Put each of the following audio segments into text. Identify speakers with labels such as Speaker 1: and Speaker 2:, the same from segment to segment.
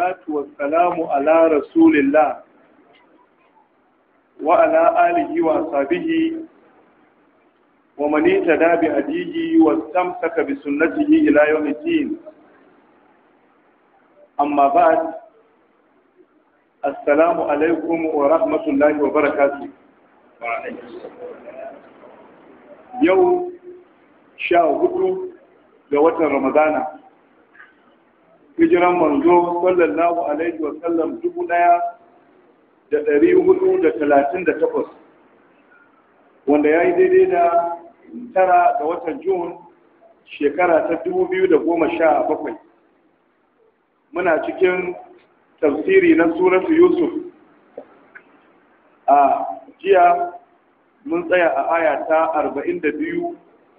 Speaker 1: salatu wa salamu ala rasulillah wa ala alihi wa sahbihi wa man ittaba bi hadihi wa istamsaka bi sunnatihi ila yawm al amma ba'd assalamu alaikum wa rahmatullahi wa barakatuh wa yau sha hudu ga watan ramadana hijiran manzo sallallahu alaihi wa sallam dubu daya da ɗari hudu da talatin da takwas wanda ya yi daidai da tara ga watan jun shekara ta dubu biyu da goma sha bakwai muna cikin tafsiri na suratu yusuf a jiya mun tsaya a aya ta arba'in da biyu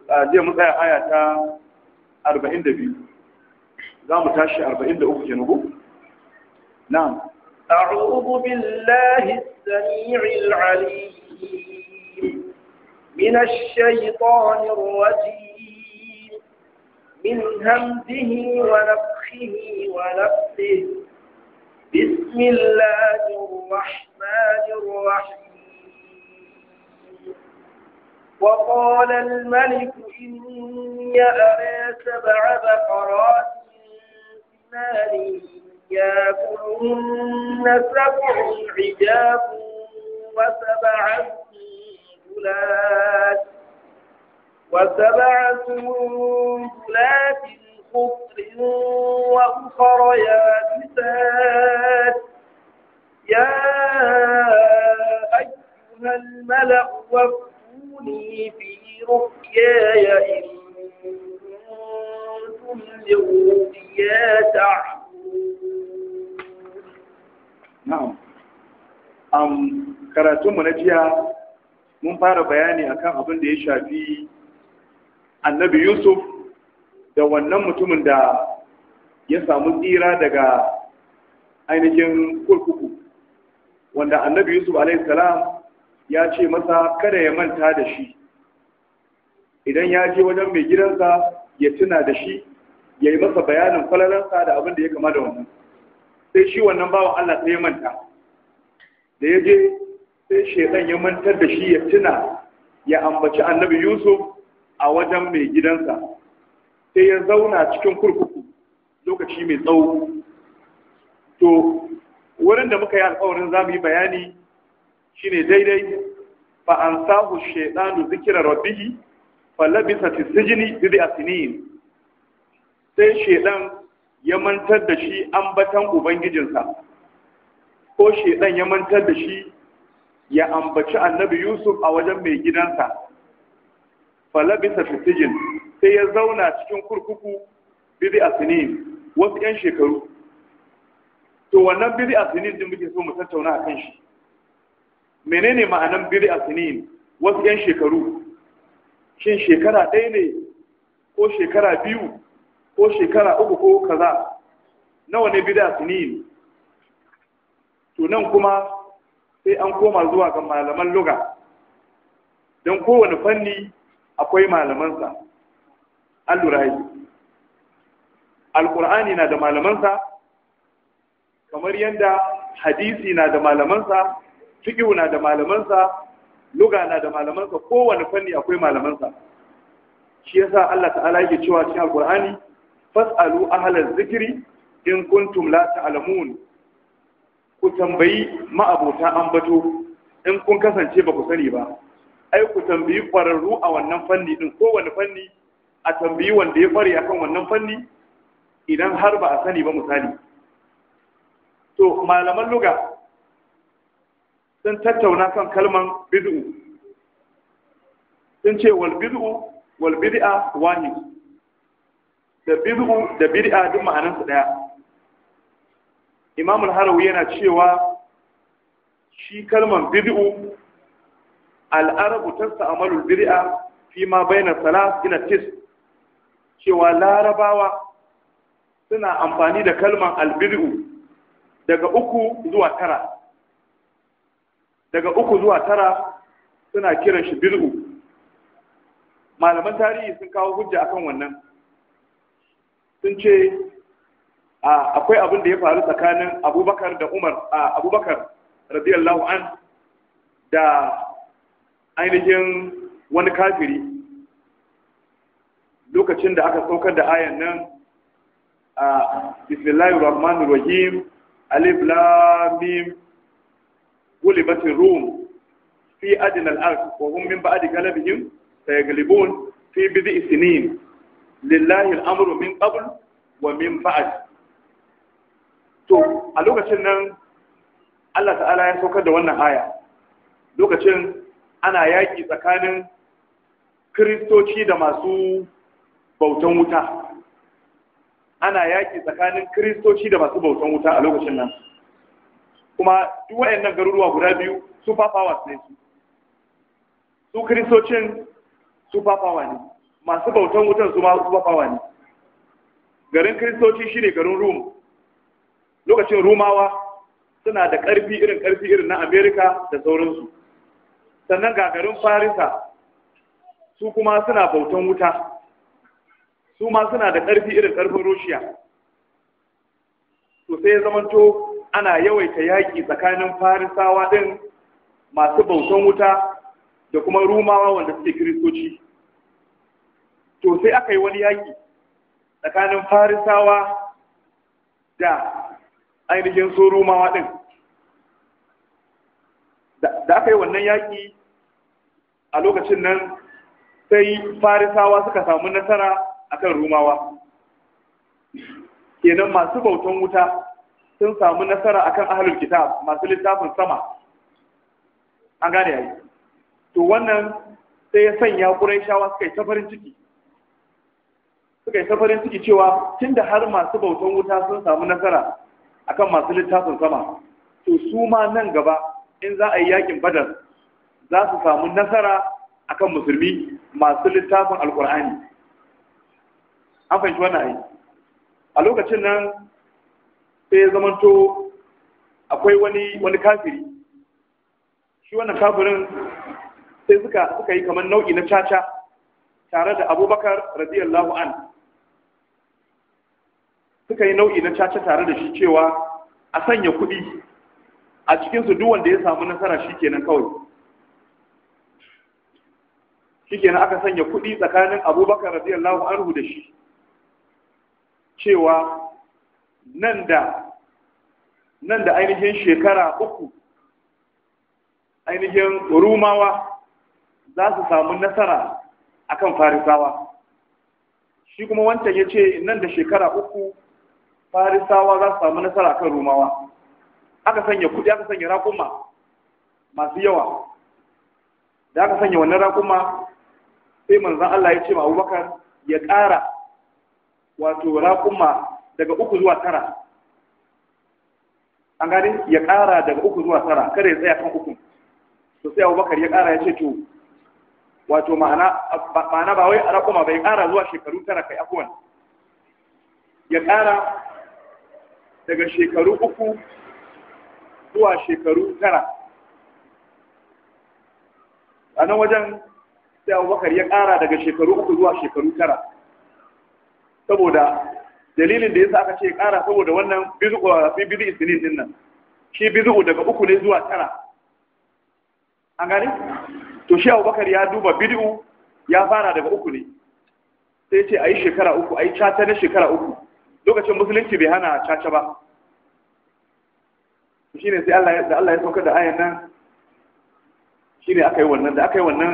Speaker 1: a jiya mun tsaya aya ta arba'in da biyu قام تاشي أربعين لأوك جنوبه نعم
Speaker 2: أعوذ بالله السميع العليم من الشيطان الرجيم من همده ونفخه ونفسه بسم الله الرحمن الرحيم وقال الملك إني أرى سبع بقرات نار ياكلهن سبع عجاب وسبع سنبلات وسبع سنبلات خضر وأخر يابسات يا أيها الملأ وافتوني في رؤياي إن كنتم لرؤيا إياك
Speaker 1: نعم karatunmu na jiya mun fara bayani akan abin da ya shafi annabi yusuf da wannan mutumin da ya samu tsira daga ainihin kurkuku wanda annabi yusuf alaihissalam ya ce masa kada ya manta da shi idan ya je wajen mai gidansa ya tuna da shi ya yi masa bayanin falalansa da abin da ya kama da wannan sai shi wannan bawan Allah sai ya manta da ya je sai shaidan ya mantar da shi ya tuna ya ambaci annabi Yusuf a wajen mai gidansa sai ya zauna cikin kurkuku lokaci mai tsawo to wurin da muka yi alƙawarin za mu yi bayani shine daidai fa an sahu shaidanu zikirar rabbihi fa labisa fi sijni bi asinin sai shedan ya mantar da shi ambatan ubangijinsa ko shedan ya mantar da shi ya ambaci annabi yusuf a wajen mai gidansa falabisa fitijin sai ya zauna cikin kurkuku biri a wasu 'yan shekaru to wannan biri a sinin din muke so mu tattauna a kan shi menene ma'anan biri a sinin wasu 'yan shekaru shin shekara ɗaya ne ko shekara biyu ko shekara uku ko kaza nawa ne bida sinin to nan kuma sai an koma zuwa ga malaman luga don kowane fanni akwai malamansa an lura yi alkur'ani na da malamansa kamar yadda hadisi na da malamansa fiƙiu na da malamansa luga na da malamansa kowane fanni akwai malamansa shi yasa Allah ta'ala yake cewa cikin alkur'ani fas'alu ahlal zikri in kuntum la ta'lamun ku tambayi ma'abota ambato in kun kasance ba ku sani ba ai ku tambayi kwararru a wannan fanni din wani fanni a tambayi wanda ya kware akan wannan fanni idan har ba a sani ba misali to malaman luga sun tattauna kan kalman bid'u sun ce wal bid'u wal bid'a wahid da bid'u da bid'a duk ma'anan su daya Imam harawi yana cewa shi kalman bid'u al-arabu tasta'malu al-bid'a fi ma bayna salas ila tis cewa larabawa suna amfani da kalman al-bid'u daga uku zuwa tara daga uku zuwa tara suna kiran shi bid'u malaman tarihi sun kawo hujja akan wannan sun ce akwai abin da ya faru tsakanin abubakar da umar a abubakar radiyallahu an da ainihin wani kafiri lokacin da aka saukar da ayan nan a bismillahir rahmanir rahim alif lam mim gulibatir rum fi adnal ard wa hum min ba'di galabihim sayaglibun fi bid'i sinin لله الامر من قبل ومن بعد ba'd to a lokacin nan Allah ta'ala ya saukar da wannan aya lokacin ana yaki tsakanin kristoci da masu bautan wuta ana yaki tsakanin kristoci da masu bautan wuta a lokacin nan kuma duk wayannan garuruwa guda biyu super powers ne su su kristocin super power ne masu bautan wutan su ma bafawa ne garin kristoci shine garin rum lokacin rumawa suna da ƙarfi irin ƙarfi irin na amerika da sauransu sannan ga garin farisa su kuma suna bautan wuta su ma suna da ƙarfi irin ƙarfin Roshiya. to sai zamanto ana yawaita yaƙi tsakanin farisawa ɗin masu bautan wuta da kuma rumawa wanda suke kiristoci to sai aka yi wani yaƙi tsakanin farisawa da ainihin su ɗin da aka yi wannan yaƙi a lokacin nan sai farisawa suka samu nasara akan rumawa kenan masu bautan wuta sun samu nasara akan ahlul kitab masu littafin sama an gane yayi to wannan sai ya sanya ƙurai shawa suka yi ta farin ciki suka yi safarin ciki cewa tun da har masu bautan wuta sun samu nasara akan masu littafin sama to su ma nan gaba in za a yi yakin badar za su samu nasara akan musulmi masu littafin alkur'ani an fahimci wannan ayi a lokacin nan sai ya zamanto akwai wani kafiri shi wannan kafirin sai suka suka yi kamar nau'i na caca tare da abubakar radiyallahu an suka yi nau'i na caca tare da shi cewa a sanya kuɗi a cikinsu duk wanda ya samu nasara shi kenan kawai shi kenan aka sanya kuɗi tsakanin abubakar radiyallahu anhu da shi cewa nan da nan da ainihin shekara uku ainihin rumawa za su samu nasara akan farisawa shi kuma wancan ya ce nan da shekara uku farisawa za su samu nasara kan rumawa aka sanya kudi aka sanya rakuma masu yawa da aka sanya wannan rakuma sai manzan Allah ya ce ma abubakar ya ƙara wato rakuma daga uku zuwa tara an gani ya ƙara daga uku zuwa tara kada ya tsaya kan uku to sai abubakar ya ƙara ya ce to wato ma'ana ba wai rakuma bai ƙara zuwa shekaru tara kai abuwan ya ƙara daga shekaru uku zuwa shekaru tara a nan wajen sai abubakar ya ƙara daga shekaru uku zuwa shekaru tara saboda dalilin da yasa aka ce ƙara saboda wannan bizu isinin din nan shi bizu daga uku ne zuwa tara an gani to shi abubakar ya duba bidu ya fara daga uku ne sai ce a yi shekara uku a yi cata na shekara uku lokacin musulunci bai hana caca ba shi ne sai Allah da Allah ya saukar da ayan nan shi ne aka yi wannan da aka yi wannan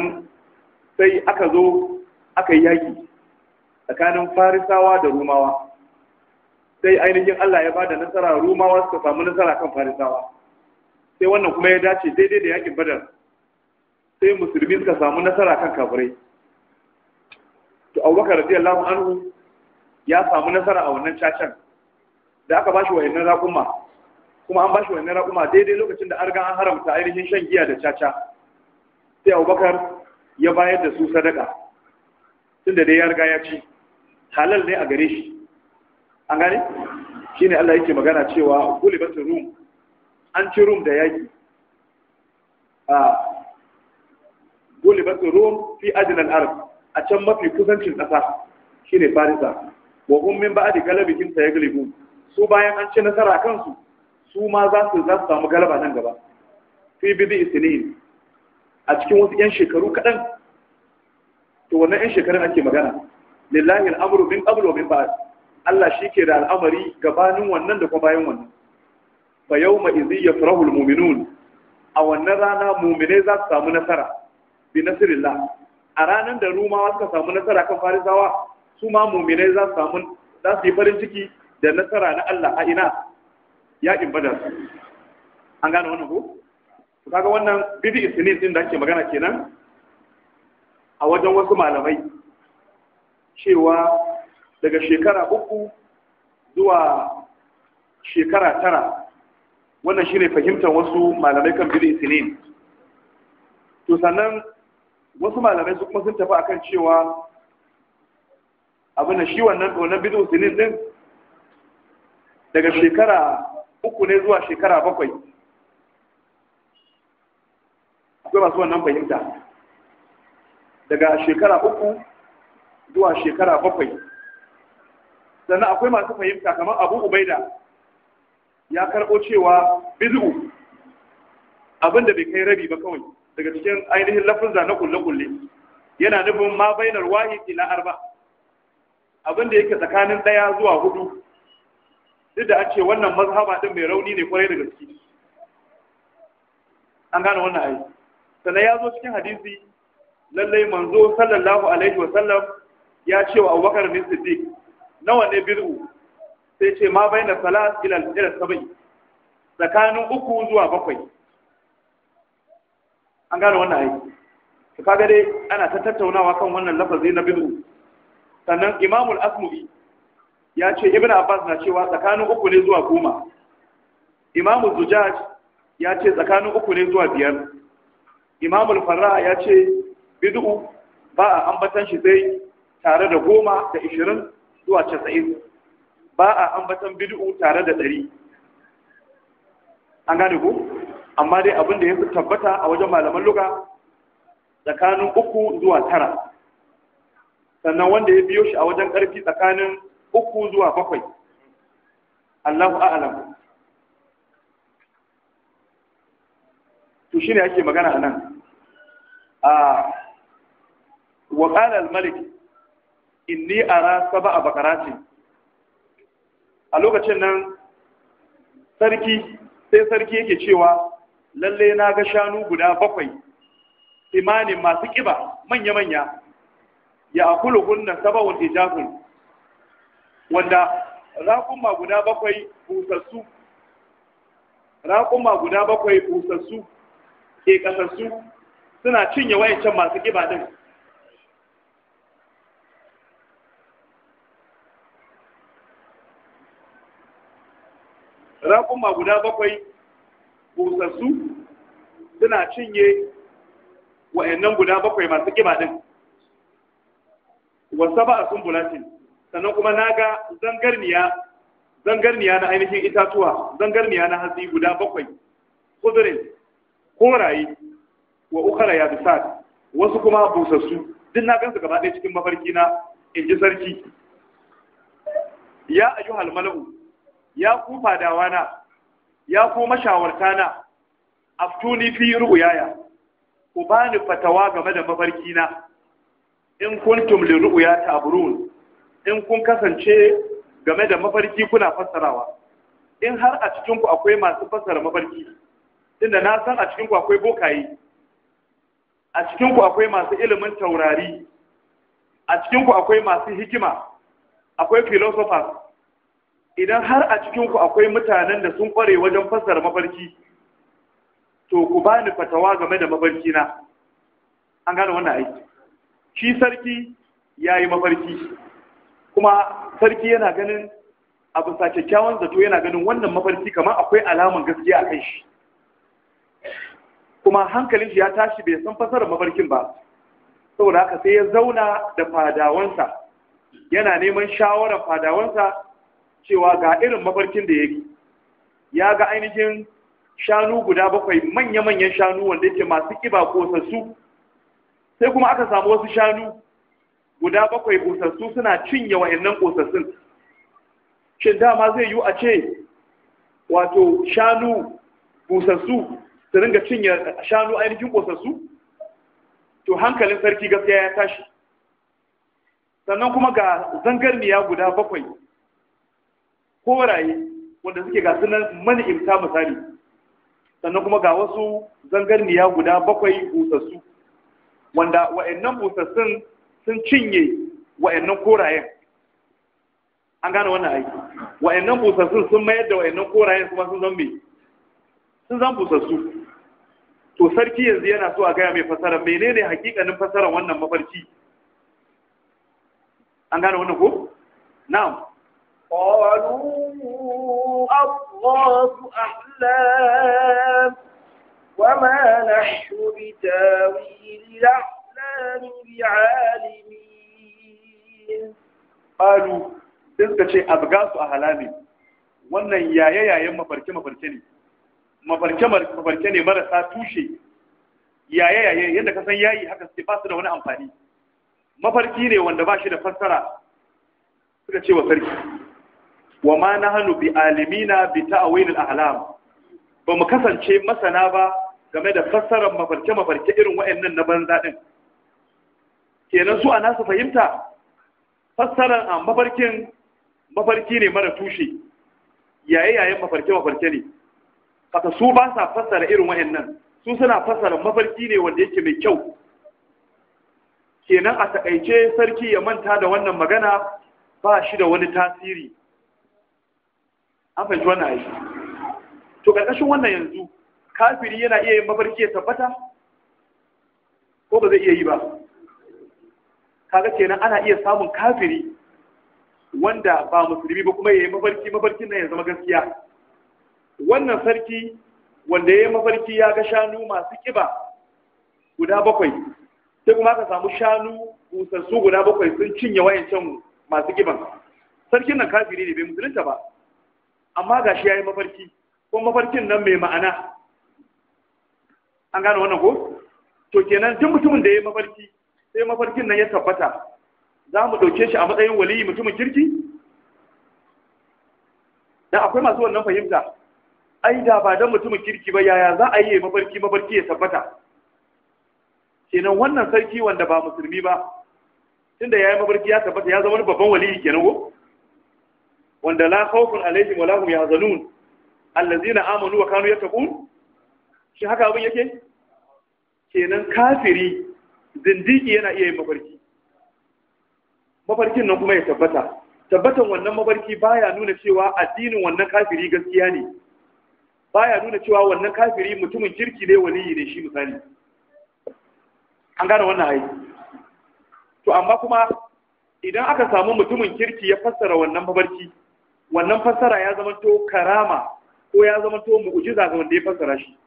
Speaker 1: sai aka zo aka yi yaki. tsakanin farisawa da rumawa sai ainihin Allah ya ba da nasara rumawa suka samu nasara kan farisawa sai wannan kuma ya dace daidai da yaƙin badar sai musulmi suka samu nasara kan kafirai to abubakar radiyallahu anhu ya samu nasara a wannan cacan da aka ba shi wayannan raƙuma kuma an ba bashi wayannan raƙuma daidai lokacin da an riga an haramta ainihin shan giya da caca sai Abubakar ya bayar da su sadaka tunda dai ya riga ya ci halal ne a gare shi an gane shine Allah yake magana cewa gulibatul rum an ci rum da yaki a gulibatul rum fi adnal ard a can mafi kusancin ƙasa shine farisa wa hum min ba'di galabihim sayaglibun su bayan an ci nasara kansu su ma za su za su samu galaba nan gaba fi bi sinin a cikin wasu yan shekaru kadan to wannan yan shekarun ake magana lillahi al'amru min qablu wa min ba'd Allah shike da al'amari gabanin wannan da kuma bayan wannan fa yawma idhi yafrahu almu'minun a wannan rana mu'mine za su samu nasara bi nasrillah a ranar da rumawa suka samu nasara kan farisawa su ma mu'minai za su samu za yi farin ciki da nasara na Allah a ina yakin badar an gane wannan ko to kaga wannan bidi isinin din da ake magana kenan a wajen wasu malamai cewa daga shekara uku zuwa shekara tara wannan shine fahimtar wasu malamai kan bidi isnin to sannan wasu malamai su kuma sun tafi akan cewa abin da shi wannan wannan bidu sinin din daga shekara uku ne zuwa shekara bakwai akwai masu wannan fahimta daga shekara uku zuwa shekara bakwai sannan akwai masu fahimta kamar abu ubaida ya karɓo cewa bizu abin da bai kai rabi ba kawai daga cikin ainihin lafin na kulle-kulle yana nufin ma bainar wahi ila arba' abin da yake tsakanin ɗaya zuwa hudu duk da an ce wannan mazhaba din mai rauni ne kwarai da gaske an gane wannan ayi sannan ya zo cikin hadisi lallai manzo sallallahu alaihi wa sallam ya ce wa abubakar bin siddiq nawa ne bid'u sai ce ma na salat ila ila sabai tsakanin uku zuwa bakwai an gane wannan ayi Ka kaga dai ana ta tattaunawa kan wannan lafazi na bid'u sannan imamul Asmubi ya ce ibn abbas na cewa tsakanin uku ne zuwa goma imamul zujaj ya ce tsakanin uku ne zuwa biyar imamul farra ya ce bid'u ba a ambatan shi sai tare da goma da ishirin zuwa casa'in ba a ambatan bid'u tare da ɗari an gane ku amma dai abin da ya fi tabbata a wajen malaman luga tsakanin uku zuwa tara sannan wanda ya biyo shi a wajen ƙarfi tsakanin uku zuwa bakwai Allahu a'lam to shine ake magana anan a wa qala al-malik inni ara sab'a bakaratin a lokacin nan sarki sai sarki yake cewa lalle na ga shanu guda bakwai imanin masu ƙiba manya-manya ya akulu hunna sabawun ijafun wanda raƙuma guda bakwai busassu raƙuma guda bakwai busassu ke kasassu suna cinye wayancan masu kiba din raƙuma guda bakwai busassu suna cinye wayannan guda bakwai masu kiba din wasa ba a sumbulatin sannan kuma na ga zangarniya na ainihin itatuwa zangarniya na hatsi guda bakwai kudurin koraye wa ukara ya wasu kuma busassu duk na gansu gaba ɗaya cikin mafarki na in ji sarki ya ayu halmalau ya ku fadawana ya ku na, aftuni fi ru'yaya ku bani fatawa game da mafarki na in kuntum li ya ta'burun in kun kasance game da mafarki kuna fassarawa in har a cikin ku akwai masu fassara mafarki tunda na san a cikin ku akwai bokaye a cikin ku akwai masu ilimin taurari a cikin ku akwai masu hikima akwai philosophers idan har a cikin ku akwai mutanen da sun kware wajen fassara mafarki to ku bani fatawa game da mafarki na an gane wannan aiki shi sarki ya yi mafarki kuma sarki yana ganin a sa kyakkyawan zato yana ganin wannan mafarki kamar akwai alaman gaskiya a kai shi kuma hankalin shi ya tashi bai san fasarar mafarkin ba saboda haka sai ya zauna da fadawansa yana neman shawarar fadawansa cewa ga irin mafarkin da ya yi ya ga ainihin shanu guda bakwai manya-manyan shanu wanda yake masu ƙiba ko sassu sai kuma aka samu wasu shanu guda bakwai ƙosassu suna cinye wa'annan ƙosassun shin dama zai yiwu a ce wato shanu kosassu su ringa cinye shanu ainihin ƙosassu to hankalin sarki gaskiya ya tashi sannan kuma ga zangarniya guda bakwai koraye wanda suke ga sunan mani'imta misali sannan kuma ga wasu zangarniya guda bakwai kosassu wanda wa'annan busassun sun cinye wa'annan korayen an gane wannan aiki wa'annan busassun sun mayar da wa'annan korayen kuma sun zan sun zan busassu to sarki yanzu yana so a gaya mai fasara menene hakikanin fasaran wannan mafarki an gane wannan ko
Speaker 2: na'am qalu الله أحلام وما نحن بتاويل الأحلام بعالمين
Speaker 1: قالوا تلك شيء أبغاس أهلامي wannan yaye-yayen mafarke-mafarke ne mafarke-mafarke ne marasa tushe yaye-yaye yadda ka san yayi haka suke ba su da wani amfani mafarki ne wanda ba shi da fassara suka ce wa sarki wa ma nahanu bi alimina bi ta'awil al-ahlam ba mu kasance masana ba game da fassarar mafarke-mafarke irin wa'annan na banza ɗin kenan su a nasu fahimta fassarar a ah, mafarkin mafarki ne mara tushe yaye-yayen mafarke-mafarke ne Kaka su ba sa fassara irin wa'annan su suna fassara mafarki ne wanda yake mai kyau kenan a takaice sarki ya manta da wannan magana ba shi da wani tasiri an fahimci wannan aiki to karkashin wannan yanzu kafiri yana iya yin mafarki ya tabbata ko ba zai iya yi ba kaga kenan ana iya samun kafiri wanda ba musulmi ba kuma ya yi mafarki mafarki nan ya zama gaskiya wannan sarki wanda ya yi mafarki ya ga shanu masu kiba guda bakwai sai kuma aka samu shanu busassu guda bakwai sun cinye wayancan masu kiban sarkin nan kafiri ne bai musulunta ba amma ga shi ya yi mafarki ko mafarkin nan mai ma'ana an gane wannan ko to kenan duk mutumin da ya mafarki sai mafarkin nan ya tabbata za mu ɗauke shi a matsayin waliyi mutumin kirki da akwai masu wannan fahimta ai da ba don mutumin kirki ba yaya za a yi mafarki mafarki ya tabbata kenan wannan sarki wanda ba musulmi ba tunda yayi mafarki ya tabbata ya zama babban waliyi kenan ko wanda la khawfun alaihim wa lahum yahzanun allazina amanu wa kanu yattaqun shi haka abin yake kenan kafiri zindiki yana iya yin mafarki mafarkin nan kuma ya tabbata tabbatan wannan mafarki baya nuna cewa addinin wannan kafiri gaskiya ne baya nuna cewa wannan kafiri mutumin kirki ne waliyi ne shi misali an gane wannan ai to amma kuma idan aka samu mutumin kirki ya fassara wannan mafarki wannan fassara ya to karama ko ya to mu'jiza ga wanda ya fassara shi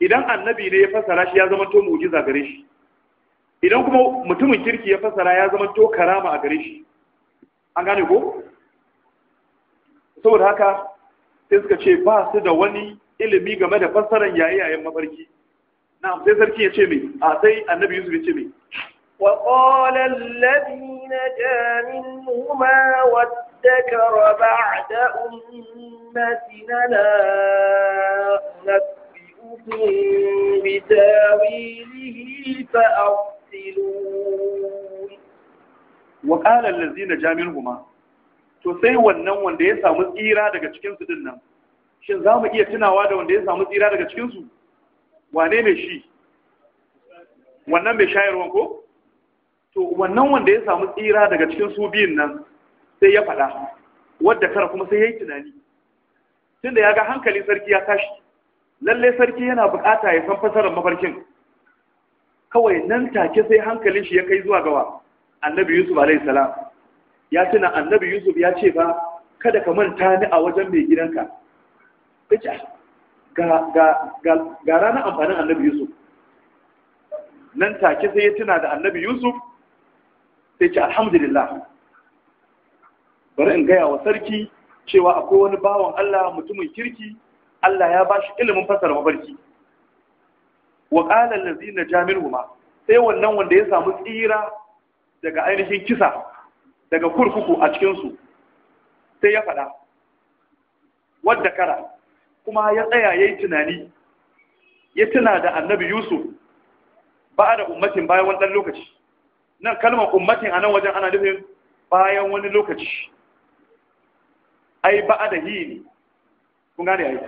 Speaker 1: idan annabi ne ya fassara shi ya zama to mu'jiza gare shi idan kuma mutumin kirki ya fassara ya zama to karama a gare shi an gane ko saboda haka sai suka ce ba su da wani ilimi game da fassaran yayin mafarki na'am sai sarki ya ce me. a sai annabi yusuf ya ce mai
Speaker 2: وقال الذي نجا منهما وادكر بعد
Speaker 1: أمة
Speaker 2: لا علمتم بتاويله
Speaker 1: فأرسلون وقال الذين جاملهما to sai wannan wanda ya samu tsira daga cikinsu din nan shin za mu iya tunawa da wanda ya samu tsira daga cikinsu wane ne shi wannan bai shayarwa ko to wannan wanda ya samu tsira daga cikin su biyun nan sai ya faɗa wadda kara kuma sai ya yi tunani tunda ya ga hankali sarki ya tashi lalle sarki yana bukata ya san fasarar mafarkin kawai nan take sai hankalin shi ya kai zuwa gawa annabi yusuf alaihi salam ya tuna annabi yusuf ya ce ba kada ka manta ni a wajen mai gidanka kace ah, ga ga ga ranar amfanin annabi yusuf nan take sai ya tuna da annabi yusuf sai ce alhamdulillah bari in gaya wa sarki cewa akwai wani bawan Allah mutumin kirki Allah ya bashi ilimin fasar mafarki wa qala jami'ar jamiluhuma sai wannan wanda ya samu tsira daga ainihin kisa daga kurkuku a cikinsu, sai ya faɗa wadda kara kuma ya tsaya ya yi tunani ya tuna da annabi Yusuf ba da ummatin bayan wani ɗan lokaci nan kalmar ummatin a nan wajen ana nufin bayan wani lokaci ai ba da hi kun gane yi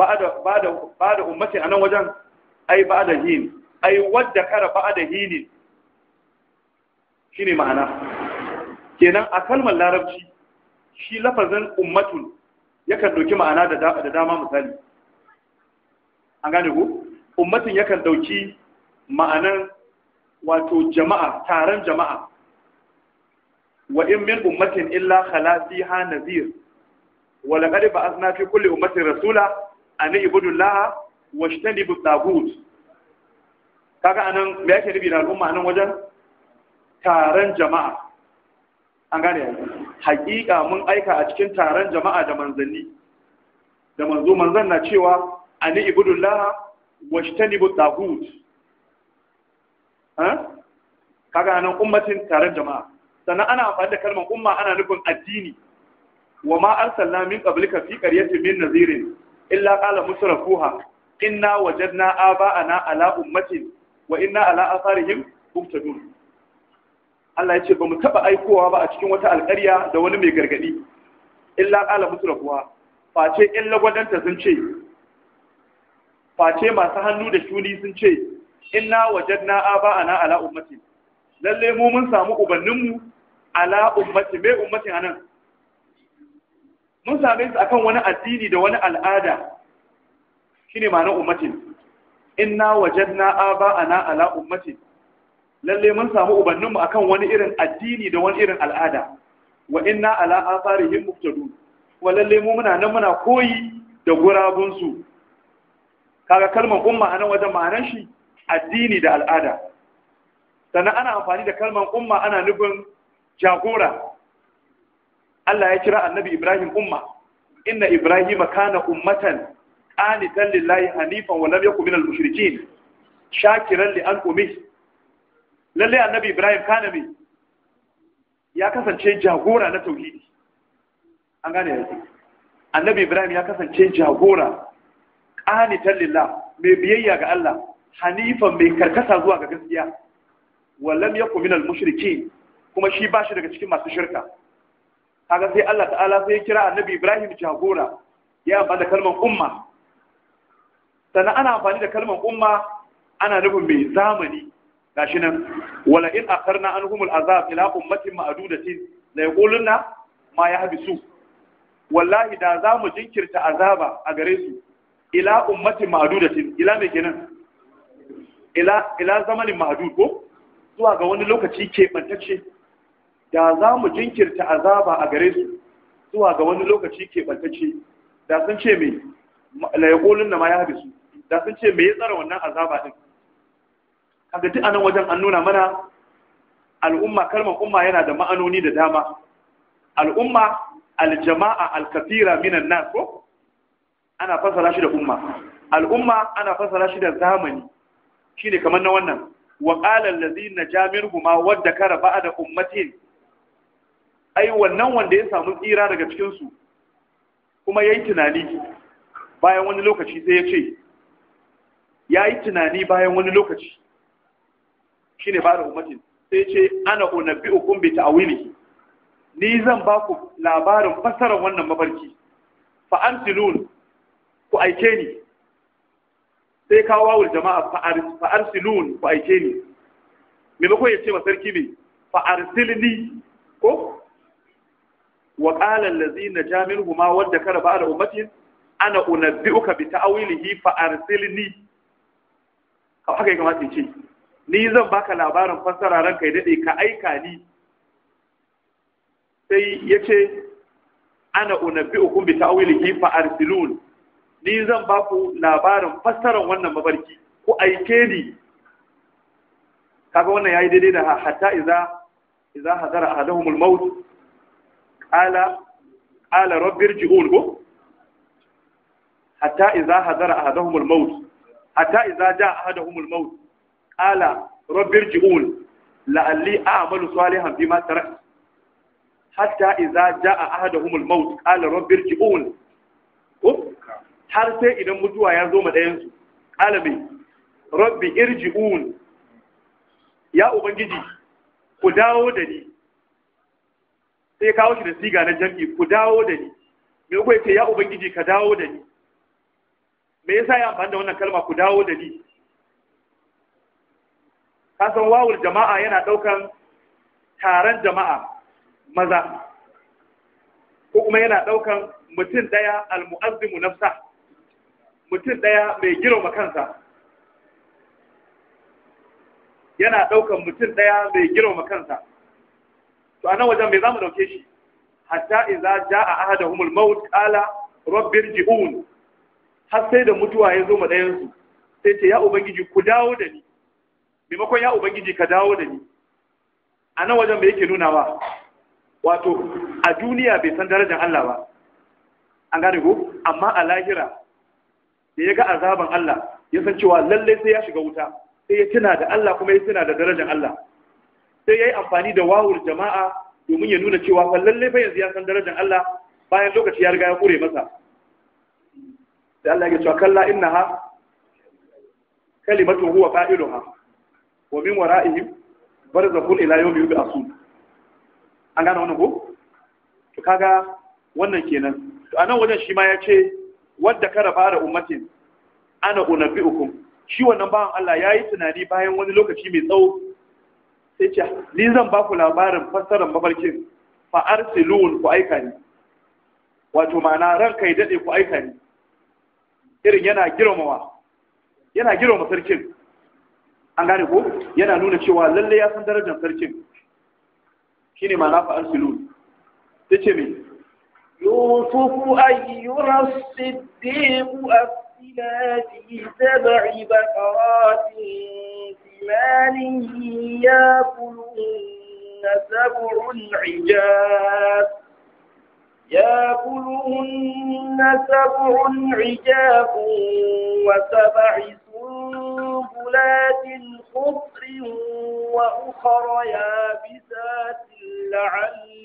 Speaker 1: ba da umarci a nan wajen ai ba da hini ai wadda kara ba da hini shi ne ma'ana kenan a kalmar larabci shi lafazin ummatun yakan ɗauki ma'ana da dama misali an gane ku ummatin yakan ɗauki ma'anan wato jama'a taron jama'a wa in min ummatin illa khala fiha nazir wa laqad ba'athna fi kulli ummatin rasula an ibudullah wa shtanibu tagut kaga anan me yake nufi da al'umma anan wajen taron jama'a an gane hakika mun aika a cikin taron jama'a da manzanni da manzo manzan na cewa Ani an ibudullah wa shtanibu tagut kaga anan ummatin taron jama'a sannan ana amfani da kalmar umma ana nufin addini wa ma arsalna min qablika fi qaryatin min nazirin illa qala musrafuha inna wajadna aba'ana ala ummatin wa inna ala atharihim muqtadun Allah ya ce ba mu taba aikowa ba a cikin wata alƙarya da wani mai gargadi illa qala musrafuha face in lagwadanta sun ce face masu hannu da shuni sun ce inna wajadna aba'ana ala ummatin lalle mu mun samu ubanninmu ala ummati mai ummatin anan mun same su akan wani addini da wani al'ada shine ma'anar ummatin inna wajadna ana ala ummatin lalle mun samu ubanninmu akan wani irin addini da wani irin al'ada wa inna ala atharihim muftadu wa lalle mu muna nan muna koyi da gurabun su kaga kalmar umma anan wajen ma'anar shi addini da al'ada sannan ana amfani da kalmar umma ana nufin jagora Allah ya kira annabi Ibrahim umma inna Ibrahim kana ummatan qanitan lillahi hanifan wa lam yakun minal mushrikeen shakiran li anqumi lalle annabi Ibrahim kana me ya kasance jagora na tauhidi an gane yanzu annabi Ibrahim ya kasance jagora qanitan lillah mai biyayya ga Allah hanifan mai karkata zuwa ga gaskiya wa lam yakun minal mushrikeen kuma shi bashi daga cikin masu shirka kaga sai Allah ta'ala sai ya kira annabi Ibrahim jagora ya amfani da kalmar umma sannan ana amfani da kalmar umma ana nufin mai zamani gashi nan wala in akarna humul azab ila ummatin ma'dudatin la yaquluna ma yahbisu wallahi da za mu jinkirta azaba a gare su ila ummatin ma'dudatin ila me kenan ila ila zamanin ma'dud ko zuwa ga wani lokaci ke bantacce da za mu jinkirta azaba a gare su zuwa ga wani lokaci ke bantacce da sun ce me laikolin na ma ya su, da sun ce me ya tsara wannan azaba din kaga duk anan wajen an nuna mana al'umma kalmar umma yana da ma'anoni da dama al'umma aljama'a alkafira minan na ko ana fasara shi da umma al'umma ana fasara shi da zamani shine kamar na wannan wa qala jami'ar huma wadda kara ba'da ummatin ai wannan wanda ya samu tsira daga cikinsu kuma ya yi tunani bayan wani lokaci sai ya ce ya yi tunani bayan wani lokaci shi ne ba da umatin sai ce ana unabbi ukun bi ta'awili ni zan ba ku labarin fasarar wannan mafarki fa arsilun ku aike ni sai kawo wawul jama'a fa arsilun ku aike ni me ba ya ce ma sarki ne fa arsilni ko wa qala allazina jaminhu ma wadda kara ba'da ummatin ana unabbi'uka bi ta'wilihi fa arsilni ka haka kuma sai ce ni zan baka labarin fassara ranka ya dade ka aika ni sai yace ana unabbi'ukum bi ta'wilihi fa arsilun ni zan baku labarin fassaran wannan mabarki ku aike ni kaga wannan yayi daidai da hatta idza idza hadara ahaduhumul maut qala qala rabbir ji'un ko hatta idza hadara ahaduhum al-maut hatta idza jaa ahaduhum al-maut qala rabbir ji'un la'alli a'malu salihan bima tarakt hatta idza jaa ahaduhum al-maut qala rabbir ji'un ko har sai idan mutuwa ya zo ma dayan bi rabbi ya ubangiji ku dawo da ni sai ya kawo shi da siga na jam'i ku dawo da ni me kuwa ce ya ubangiji ka dawo da ni me yasa ya amfani da wannan kalma ku dawo da ni kasan wawul jama'a yana daukan taron jama'a maza ko kuma yana daukan mutum daya almu'azzimu nafsa mutum daya mai girma kansa yana daukan mutum daya mai girma kansa to a nan wajen me za mu shi hatta iza ja a ahada humul maut qala rabbir ji'un har sai da mutuwa ya zo ma ɗayansu sai ce ya ubangiji ku dawo da ni maimakon ya ubangiji ka dawo da ni a wajen me yake nuna ba wato a duniya bai san darajar Allah ba an gane ko amma a lahira da ya ga azaban Allah ya san cewa lallai sai ya shiga wuta sai ya tuna da Allah kuma ya tuna da darajar Allah sai ya yi amfani da wawul jama'a domin ya nuna cewa fa lalle fa yanzu ya san darajar Allah bayan lokaci ya riga ya kure masa sai Allah ya ce kalla innaha kalimatu huwa qa'iluha wa min wara'ihim barzakhun ila yawmi yub'asun an gane wannan ko to kaga wannan kenan to anan wajen shi ma ya ce wadda kara bara ummatin ana unabi'ukum shi wannan bawan Allah yayi tunani bayan wani lokaci mai tsawo sai ce ni zan ba ku labarin fassarar mafarkin fa arsilun ku aika ni wato ma'ana ran kai dade ku aika ni irin yana girmamawa yana girmama sarkin an gane ko yana nuna cewa lalle ya san darajar sarkin shine ma'ana fa arsilun sai
Speaker 2: ce me yusufu ayyura siddiq إلى ذي سبع بقرات ثمان يأكلهن سبع عجاب يأكلهن سبع عجاف وسبع سنبلات خضر وأخر يابسات لعلي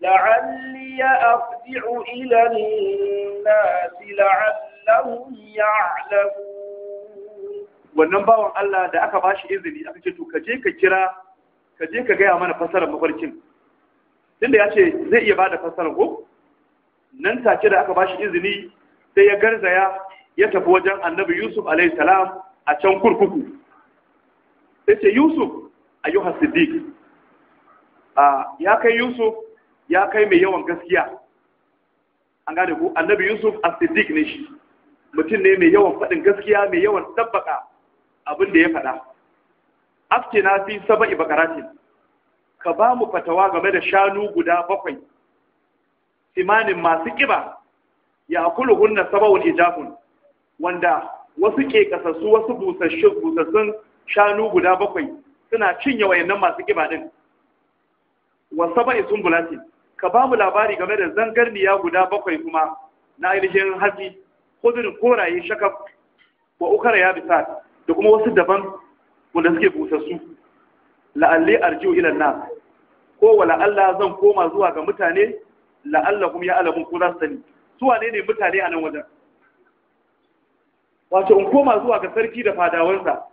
Speaker 2: لعلي أرجع إلى الناس
Speaker 1: لعلهم يعلمون wannan bawan Allah da aka bashi izini aka ce ka je ka gaya mana fasarar mafarkin tunda ya ce zai iya bada fasarar ko nan take da aka bashi izini sai ya garzaya ya tafi wajen annabi Yusuf alaihi salam a can kurkuku sai ce Yusuf ayyuha siddiq ya kai Yusuf ya kai mai yawan gaskiya an gane ko annabi yusuf as-siddiq ne shi mutum ne mai yawan faɗin gaskiya mai yawan tabbaka abin da ya faɗa aftina fi saba'i bakaratin ka ba mu fatawa game da shanu guda bakwai imanin masu kiba ya hunna sabawun ijafun wanda wasu ke kasassu wasu busassun shanu guda bakwai suna cinye wayannan masu kiba din wa saba'i sun bulatin ka ba mu labari game da zangarniya guda bakwai kuma na ainihin hatsi kudurin koraye shakaf wa ukara ya bisa da kuma wasu daban wanda suke busassu la'alle arjiu ila na ko wa la'alla zan koma zuwa ga mutane la'alla kuma ya alamun ko za su sani su wane ne mutane a nan wajen wato in koma zuwa ga sarki da fadawansa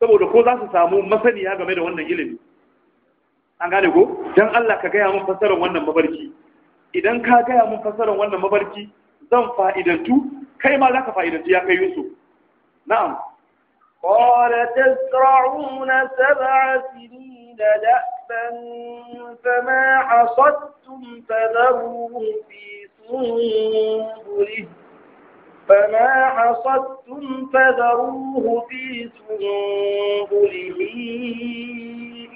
Speaker 1: saboda ko za su samu masaniya game da wannan ilimi an gane ko dan Allah ka gaya mun fasarar wannan mabarki idan ka gaya mun fasarar wannan mabarki zan fa'idantu kai ma zaka fa'idantu ya kai Yusuf na'am
Speaker 2: qala tasra'una sab'a sinin da'ban fama hasadtum fadharuhu fi sunburihi فما حصدتم فذروه في سنبله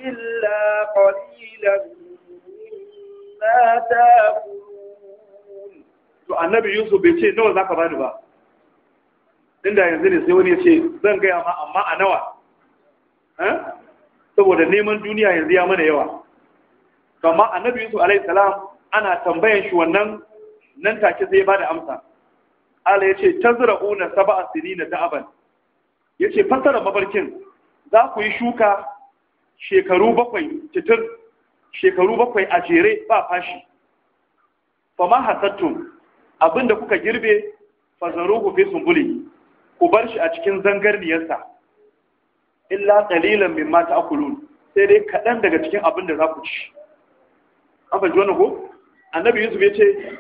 Speaker 1: إلا قليلا مما تأكلون to annabi Yusuf bai ce nawa zaka bani ba inda yanzu ne sai wani ya ce zan gaya ma amma a nawa eh? saboda neman duniya yanzu ya mana yawa Amma annabi Yusuf alaihi salam ana tambayan shi wannan nan take sai ya bada amsa Allah ya ce tazra'una sab'a sinina da'aban yace fasara mabarkin za ku yi shuka shekaru bakwai titir shekaru bakwai a jere ba fashi ma hasattun abinda kuka girbe fazaruhu fi sumbuli ku bar shi a cikin zangarniyarsa illa qalilan mimma ta'kulun sai dai kaɗan daga cikin abin za ku ci an fahimci wannan ko annabi yusuf ya ce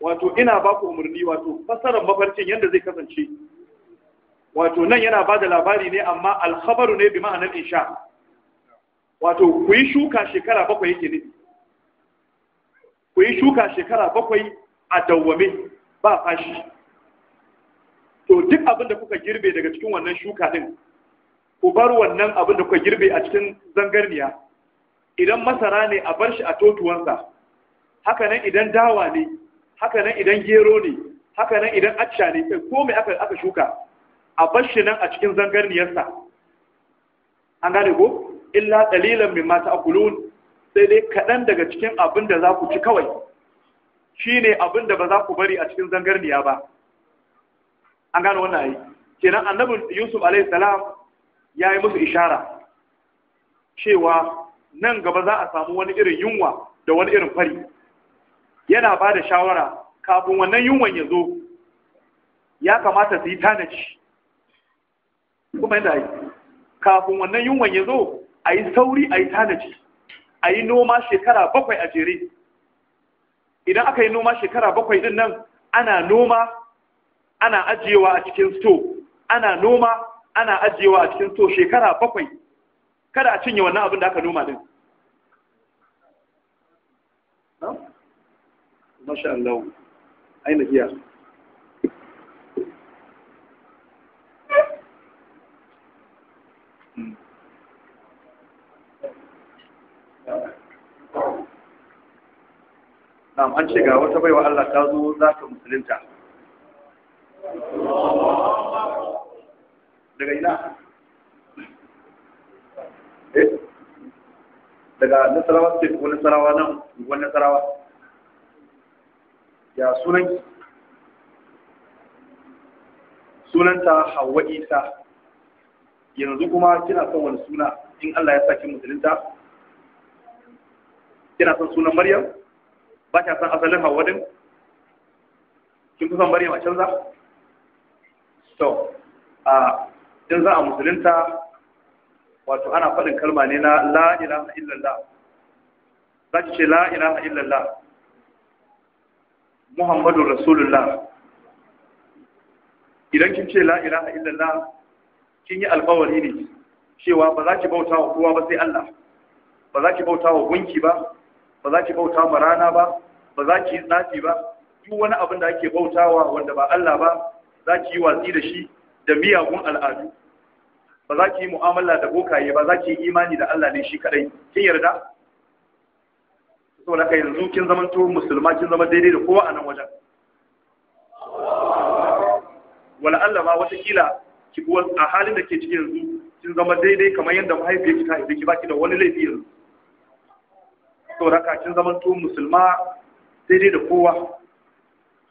Speaker 1: wato ina ba ku umarni wato fasarar mafarkin yadda zai kasance wato nan yana ba da labari ne amma alkhabaru ne bi ma'anar insha wato ku yi shuka shekara bakwai yake ne ku yi shuka shekara bakwai a dawwame ba fashi to duk abin da kuka girbe daga cikin wannan shuka din ku bar wannan abin da kuka girbe a cikin zangarniya idan masara ne a bar shi a totuwansa haka nan idan dawa ne haka nan idan gero ne haka nan idan acca ne kai eh, ko mai aka aka shuka a bar shi nan a cikin zangarniyarsa an gane ko illa qalilan mimma ta'kulun sai dai kaɗan daga cikin abin da za ku ci kawai shine abin da ba za ku bari a cikin zangarniya ba an gano wannan ai kenan annabin Yusuf alaihi salam ya yi musu ishara cewa nan gaba za a samu wani irin yunwa da wani irin fari yana ba da shawara kafin wannan yunwan ya zo ya kamata su yi tanaci kuma yadda yi kafin wannan yunwan ya zo a yi sauri a yi tanaji a yi noma shekara bakwai a jere idan aka yi noma shekara bakwai din nan ana noma ana ajiyewa a cikin sto ana noma ana ajiyewa a cikin sto shekara bakwai kada a cinye wannan abin da aka noma din masha Allah ainihiyar an ce ga wata baiwa Allah ta zo za ta musulunta daga ina eh? daga nasarawa ce ko nasarawa nan ko nasarawa ya sunan sunanta hawa Isa yanzu kuma kina son wani suna in Allah ya saki musulunta kina son sunan Maryam ba ta san asalin hawa din kin fi son maryam a canza to a in za a musulunta wato ana faɗin kalma ne na la ilaha illallah za ki ce la ilaha illallah muhammadu rasulullah idan kin ce la ilaha illallah kin yi alƙawari ne cewa ba za ki bauta wa kowa ba sai Allah ba za ki bauta wa gunki ba ba za ki bauta ma rana ba ba za ki yi tsafi ba duk wani abin da ake bautawa wanda ba Allah ba za ki yi watsi da shi da miyagun al'adu ba za ki yi mu'amala da bokaye ba za ki yi imani da Allah ne shi kadai kin yarda saboda kai yanzu kin zama to musulma kin zama daidai da kowa a nan wajen wala Allah ma wata kila ki a halin da ke cikin yanzu kin zama daidai kamar yadda mahaifiyarki ta haife ki baki da wani laifi yanzu saboda haka kin zaman to musulma daidai da kowa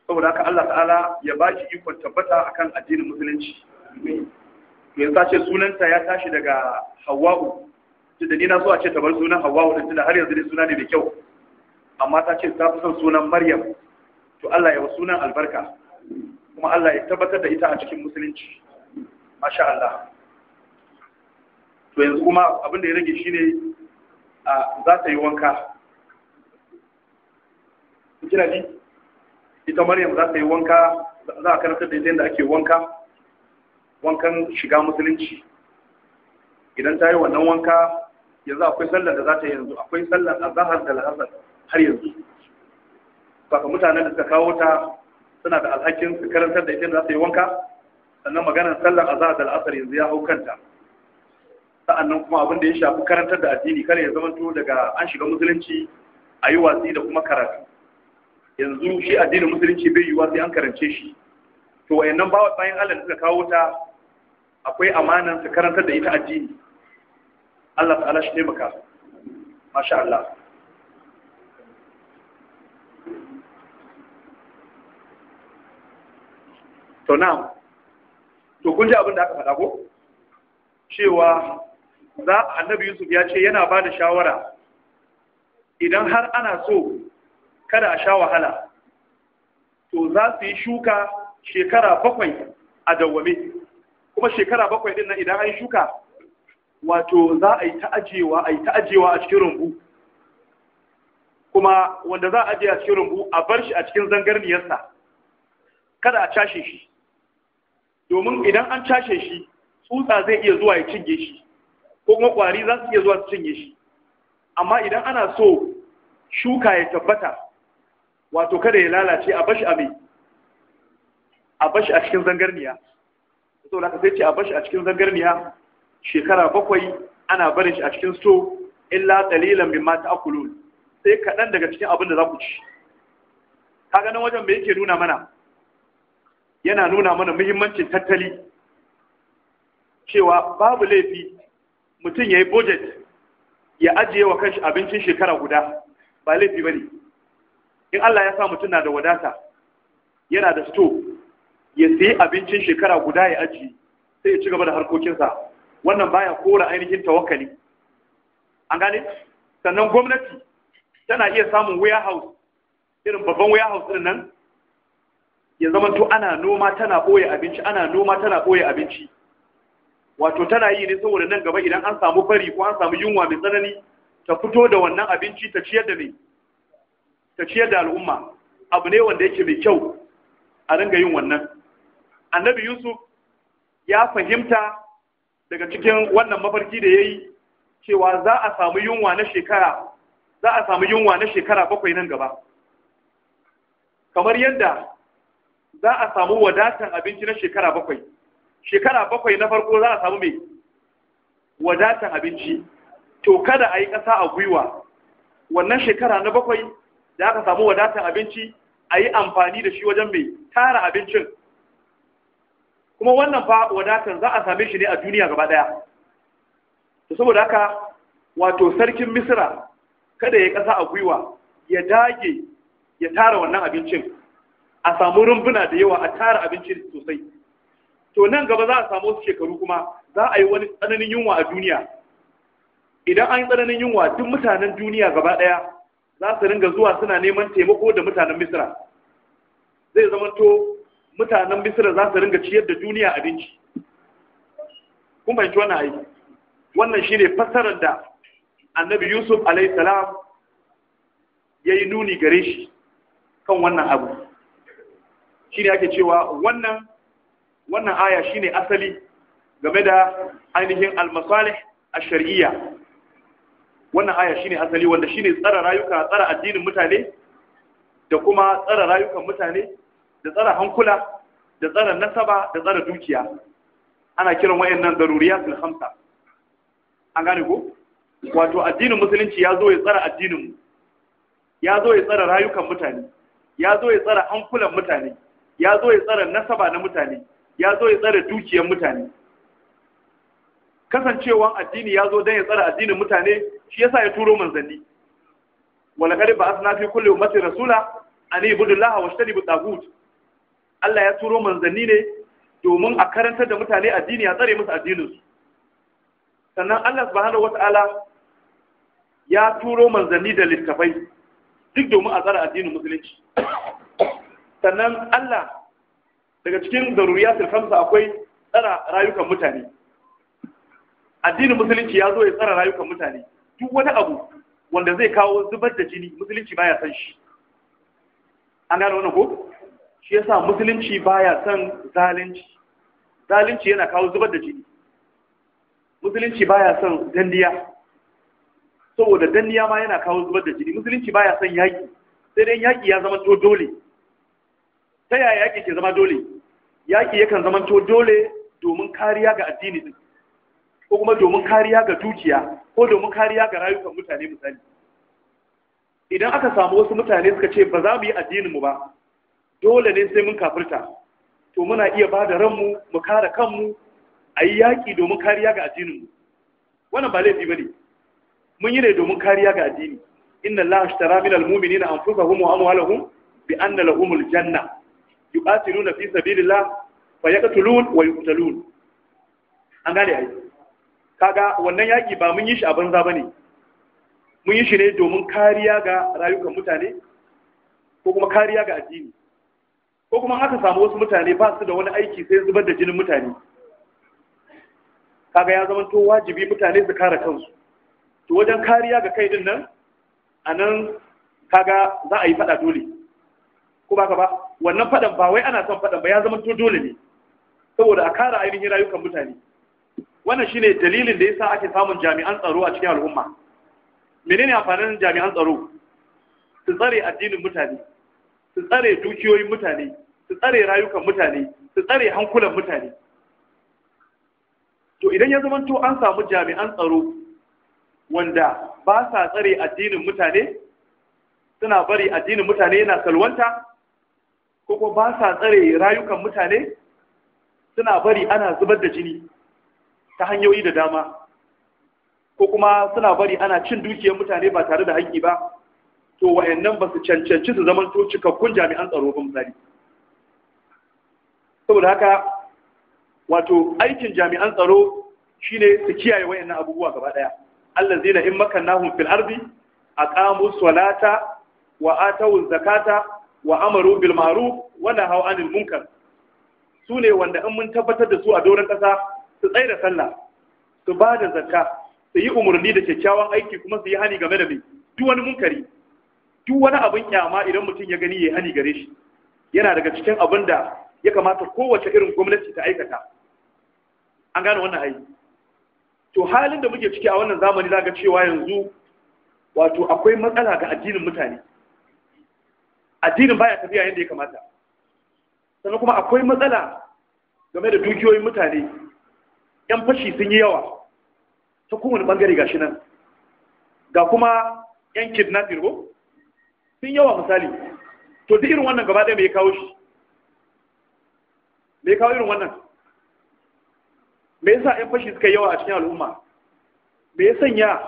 Speaker 1: saboda haka Allah ta'ala ya ba ki ikon tabbata akan addinin musulunci yanzu ta ce sunanta ya tashi daga hawa'u da ni na so a ce ta bar sunan hawa'u din tunda har yanzu dai suna ne mai kyau amma ta ce ta fi son sunan maryam to Allah ya wa sunan albarka kuma Allah ya tabbatar da ita a cikin musulunci masha Allah to yanzu kuma abin da ya rage shine a za ta yi wanka kina ji ita maryam za ta yi wanka za a karantar da yadda ake wanka wankan shiga musulunci idan ta yi wannan wanka yanzu akwai sallar da za ta yi yanzu akwai sallar azahar da lahasar har yanzu saka mutanen da suka kawo ta suna da alhakin su karantar da ita da za ta yi wanka sannan maganar sallar azahar da lahasar yanzu ya hau kanta sa'annan kuma abin da ya shafi karantar da addini kare ya zama to daga an shiga musulunci a yi watsi da kuma karatu yanzu shi addinin musulunci bai yiwuwa sai an karance shi to wayannan bawa bayan Allah suka kawo ta akwai amanan su karantar da ita addini Allah ta'ala shi ne maka masha Allah to na to kun ji abin da aka faɗa ko cewa za annabi Yusuf ya ce yana ba da shawara idan har ana so kada a sha wahala to za su yi shuka shekara bakwai a dawwame kuma shekara bakwai din nan idan an shuka wato za a yi ta'ajewa a yi ta'ajewa a cikin rumbu kuma wanda za a ajiye a cikin rumbu a bar shi a cikin zangarniyarsa kada a cashe shi domin idan an cashe shi tsutsa zai iya zuwa ya cinye shi ko kuma kwari za su iya zuwa su cinye shi amma idan ana so shuka ya tabbata wato kada ya lalace a bashi a a bashi a cikin zangarniya so da sai ce a bashi a cikin zangarniya shekara bakwai ana barin shi a cikin sto illa dalilan qalilan mimma ta'kulun sai kaɗan daga cikin abin da za ku ci kaga nan wajen me yake nuna mana yana nuna mana muhimmancin tattali cewa babu laifi mutum ya yi budget ya ajiye wa kanshi abincin shekara guda ba laifi ba ne in Allah ya sa mutum na da wadata yana da sito, ya sayi abincin shekara guda ya aji, sai ya ci gaba da harkokinsa wannan baya kora ainihin tawakkali an gane sannan gwamnati tana iya samun warehouse irin babban warehouse din nan ya zamanto ana noma tana boye abinci ana noma tana boye abinci wato tana yi ne saboda nan gaba idan an samu fari ko an samu yunwa mai tsanani ta fito da wannan abinci ta ciyar da mai ta ciyar da al'umma abu ne wanda yake mai kyau a ringa yin wannan annabi yusuf ya fahimta daga cikin wannan mafarki da ya yi cewa za a samu yunwa na shekara za a samu yunwa na shekara bakwai nan gaba kamar yadda za a samu wadatan abinci na shekara bakwai shekara bakwai na farko za a samu mai wadatan abinci to kada a yi ƙasa a gwiwa wannan shekara na bakwai da aka samu wadatar abinci a yi amfani da shi wajen mai tara abincin kuma wannan fa wadatar za a same shi ne a duniya gaba daya Da saboda haka wato sarkin misira kada ya kasa a gwiwa ya dage ya tara wannan abincin a samu rumbuna da yawa a tara abincin sosai to nan gaba za a samu wasu shekaru kuma za a yi wani tsananin yunwa a duniya idan an yi tsananin yunwa duk mutanen duniya gaba daya za su ringa zuwa suna neman taimako da mutanen Misira. zai zamanto mutanen Misira za su ringa ciyar da duniya abinci kun fahimci wannan aiki wannan shine fassarar da annabi yusuf alayhi salam ya yi nuni gare shi kan wannan abu shine ake cewa wannan wannan aya shine asali game da ainihin almasalih a shari'iyya wannan aya shine asali wanda shine tsara rayuka tsara addinin mutane da kuma tsara rayukan mutane da tsara hankula da tsara nasaba da tsara dukiya ana kiran wayannan daruriyatul khamsa an gane ko wato addinin musulunci ya zo ya tsara addinin mu ya zo ya tsara rayukan mutane ya zo ya tsara hankulan mutane ya zo ya tsara nasaba na mutane ya zo ya tsara dukiyar mutane kasancewan addini ya zo don ya tsara addinin mutane shi yasa ya turo manzanni wala kare ba asna fi kulli ummati rasula an ibudullaha wa shtanibu bitagut Allah ya turo manzanni ne domin a karantar da mutane addini ya tsare musu addinin su sannan Allah subhanahu wataala ya turo manzanni da littafai duk domin a tsara addinin musulunci sannan Allah daga cikin daruriyatul khamsa akwai tsara rayukan mutane addinin musulunci ya zo ya tsara rayukan mutane duk wani abu wanda zai kawo zubar da jini musulunci baya san shi an gane wannan ko shi yasa musulunci baya san zalunci zalunci yana kawo zubar da jini musulunci baya son dandiya saboda danniya ma yana kawo zubar da jini musulunci baya son yaƙi sai dai yaƙi ya zama to dole ta yaya yaƙi ke zama dole yaƙi yakan zama to dole domin kariya ga addini din ko kuma domin kariya ga dukiya ko domin kariya ga rayukan mutane misali idan aka samu wasu mutane suka ce ba za mu yi addininmu ba dole ne sai mun kafirta to muna iya ba da ranmu mu kare kanmu a yi yaƙi domin kariya ga addininmu wannan ba laifi ba ne mun yi ne domin kariya ga addini inna allaha ashtara min almu'minina anfusahum wa amwalahum bi anna lahumul janna yuqatiluna fi sabilillah fa yaqtulun wa yuqtalun an gane ai kaga wannan yaƙi ba mun yi shi a banza ba ne mun yi shi ne domin kariya ga rayukan mutane ko kuma kariya ga addini ko kuma aka samu wasu mutane ba su da wani aiki sai zubar da jinin mutane kaga ya zama to wajibi mutane su kare kansu to wajen kariya ga kai din nan a nan kaga za a yi faɗa dole ko ba ka ba wannan faɗan ba wai ana son faɗan ba ya zama to dole ne saboda a kare ainihin rayukan mutane wannan shine dalilin da yasa ake samun jami'an tsaro a cikin al'umma menene amfanin jami'an tsaro su tsare addinin mutane su tsare dukiyoyin mutane su tsare rayukan mutane su tsare hankulan mutane to idan ya zama to an samu jami'an tsaro wanda ba sa tsare addinin mutane suna bari addinin mutane yana salwanta ko ba sa tsare rayukan mutane suna bari ana zubar da jini ta hanyoyi da dama ko kuma suna bari ana cin dukiyar mutane ba tare da haƙƙi ba to wayannan ba su cancanci su zaman to cikakkun jami'an tsaro ba misali saboda haka wato aikin jami'an tsaro shine su kiyaye wayannan abubuwa gaba daya allazina in makannahum fil ardi aqamu salata wa atawu zakata wa amaru bil ma'ruf wa nahaw anil munkar sune wanda in mun tabbatar da su a doron kasa su tsaye da sallah su ba da zakka su yi umarni da kyakkyawan aiki kuma su yi hani game da mai duk wani munkari duk wani abin kyama idan mutum ya gani ya hani gare shi yana daga cikin abin da ya kamata kowace irin gwamnati ta aikata an gane wannan hayi to halin da muke ciki a wannan zamani za cewa yanzu wato akwai matsala ga addinin mutane addinin baya tafiya yadda ya kamata sannan kuma akwai matsala game da dukiyoyin mutane yan fashi sun yi yawa ta kowane bangare shi nan ga kuma yan kidnapping ko sun yawa misali to duk irin wannan gaba ɗaya mai kawo shi mai kawo irin wannan me yasa yan fashi suka yawa a cikin al'umma me ya sanya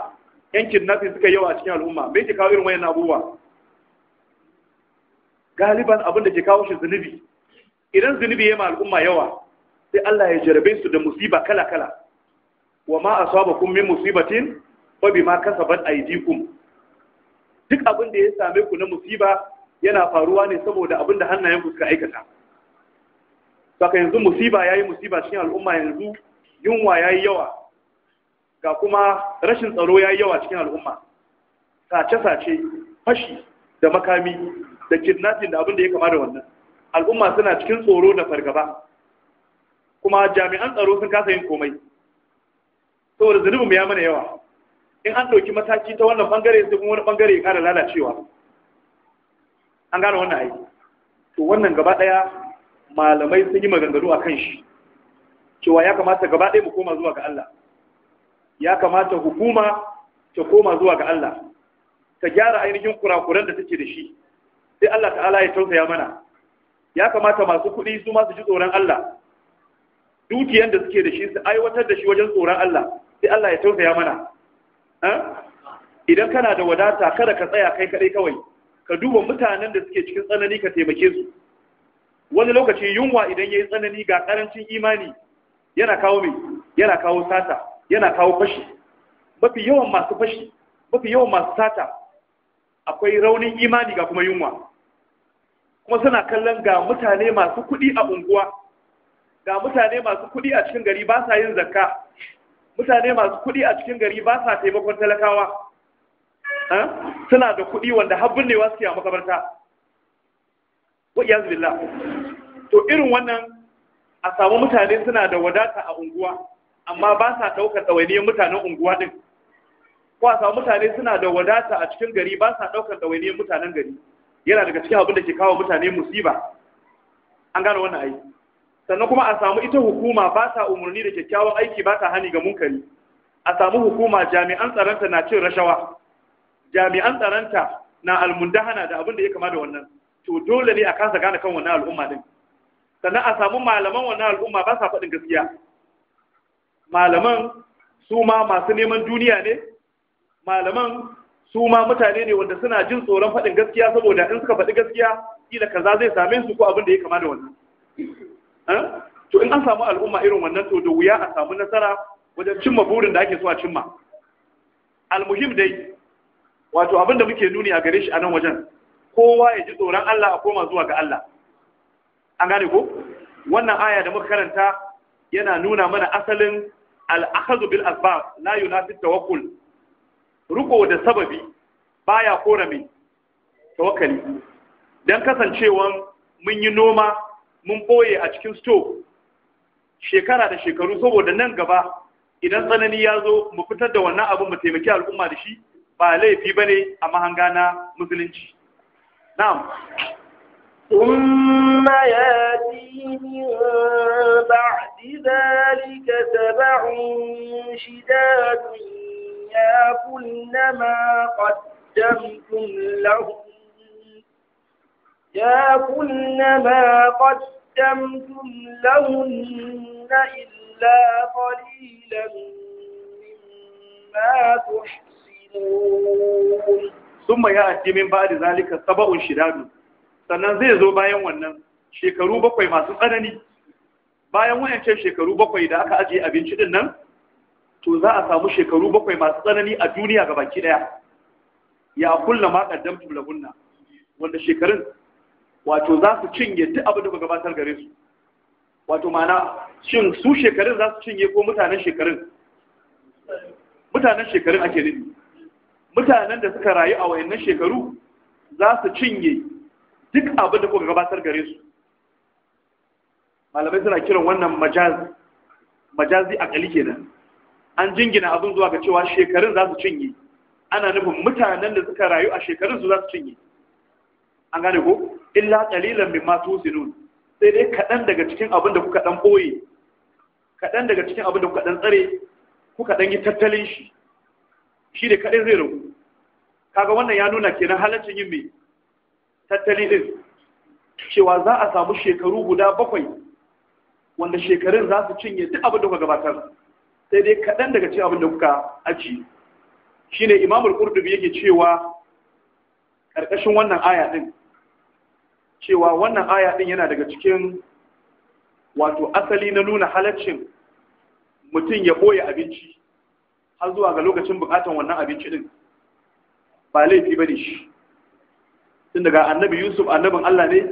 Speaker 1: yan kidnapping suka yawa a cikin al'umma me yake kawo irin wayan abubuwa galiban abin da ke kawo shi zunubi idan zunubi ya ma al'umma yawa sai Allah ya jarabe su da musiba kala-kala wa ma asabakum min musibatin fa bima kasabat aydikum duk abin da ya same ku na musiba yana faruwa ne saboda abin da hannayen ku suka aikata saka yanzu musiba yayi musiba cikin al'umma yanzu yunwa yayi yawa ga kuma rashin tsaro yayi yawa cikin al'umma sace-sace fashi da makami da kidnapping da abin da ya kama da wannan al'umma suna cikin tsoro da fargaba kuma jami'an tsaro sun kasa yin komai saboda zunubin ya mana yawa in an ɗauki mataki ta wannan bangare sai kuma wani bangare ya ƙara lalacewa an gane wannan aiki to wannan gaba ɗaya malamai sun yi maganganu a kan shi cewa ya kamata gaba ɗaya mu koma zuwa ga Allah ya kamata hukuma ta koma zuwa ga Allah ta gyara ainihin kurakuran da take da shi sai Allah ta'ala ya tausaya mana ya kamata masu kuɗi su ma su ji tsoron Allah dukiyan da suke da shi su aiwatar da shi wajen tsoron Allah sai Allah ya tausaya mana idan kana da wadata kada ka tsaya kai kadai kawai ka duba mutanen da suke cikin tsanani ka taimake su wani lokaci yunwa idan yayi tsanani ga karancin imani yana kawo mai yana kawo sata yana kawo fashi mafi yawan masu fashi mafi yawan masu sata akwai raunin imani ga kuma yunwa kuma suna kallon ga mutane masu kuɗi a unguwa ga mutane masu kuɗi a cikin gari ba sa yin zakka mutane masu kuɗi a cikin gari ba sa taimakon talakawa suna da kuɗi wanda habbin ne wasu ke a makabarta wa'iyaz billah to irin wannan a samu mutane suna da wadata a unguwa amma ba sa ɗaukar ɗawainiyar mutanen unguwa ɗin ko a samu mutane suna da wadata a cikin gari ba sa ɗaukar ɗawainiyar mutanen gari yana daga cikin abin da ke kawo mutane musiba an gane wannan aiki sannan kuma a samu ita hukuma ba ta umarni da kyakkyawan aiki ba ta hani ga munkari a samu hukuma jami'an tsaronta na cin rashawa jami'an tsaronta na almundahana da abin da ya kama da wannan to dole ne a kasa gane kan wannan al'umma din sannan a samu malaman wannan al'umma ba sa faɗin gaskiya malaman su ma masu neman duniya ne malaman su ma mutane ne wanda suna jin tsoron faɗin gaskiya saboda in suka faɗi gaskiya kila kaza zai same su ko abin da ya kama da wannan Eh? to in an samu al'umma irin wannan to da wuya a samu nasara wajen cimma burin da ake so a cimma almuhim dai wato abin da muke nuni a gare shi a nan wajen kowa ya ji tsoron Allah a koma zuwa ga Allah an gane ko wannan aya da muka karanta yana nuna mana asalin al'akhadhu bil asbab la yunafi tawakkul riko da sababi baya kora mai tawakkali dan kasancewan mun yi noma mun boye a cikin sto shekara da shekaru saboda nan gaba idan tsanani ya zo mu fitar da wannan abin mu taimaki al'umma da shi ba laifi ba ne a mahanga na musulunci na'am
Speaker 2: ثم ياتي من بعد ذلك سبع شداد ياكلن ما قدمتم لهم ما قدمتم قدمتم لهن إلا قليلا مما تحسنون
Speaker 1: ثم يأتي من بعد ذلك سبع شداد sannan zai zo bayan wannan shekaru bakwai masu tsanani bayan wayancan shekaru bakwai da aka ajiye abinci din nan to za a samu shekaru bakwai masu tsanani a duniya ga baki daya ya kulla ma kaddamtum lahunna wanda shekarun wato za su cinye duk abin da ba gabatar gare su wato mana shin su shekarun za su cinye ko mutanen shekarun mutanen shekarun ake nufi mutanen da suka rayu a wayannan shekaru za su cinye duk abin da kuka gabatar gare su malamai suna kiran wannan majazi a akali kenan an jingina abin zuwa ga cewa shekarun za su cinye ana nufin mutanen da suka rayu a shekarun su za su cinye an gane ko illa qalilan mimma tusinun sai dai kadan daga cikin abin da kuka dan boye kadan daga cikin abin da kuka dan tsare kuka dan yi tattalin shi shi da kaɗai zai ragu kaga wannan ya nuna kenan halaccin yin me tattali din cewa za a samu shekaru guda bakwai wanda shekarun za su cinye duk abin da kuka gabatar sai dai kaɗan daga cikin abin da kuka aji shine imamul qurtubi yake cewa ƙarƙashin wannan aya din cewa wannan aya din yana daga cikin wato asali na nuna halaccin mutum ya boye abinci har zuwa ga lokacin bukatan wannan abinci din ba laifi ba ne shi tun daga annabi yusuf annabin allah ne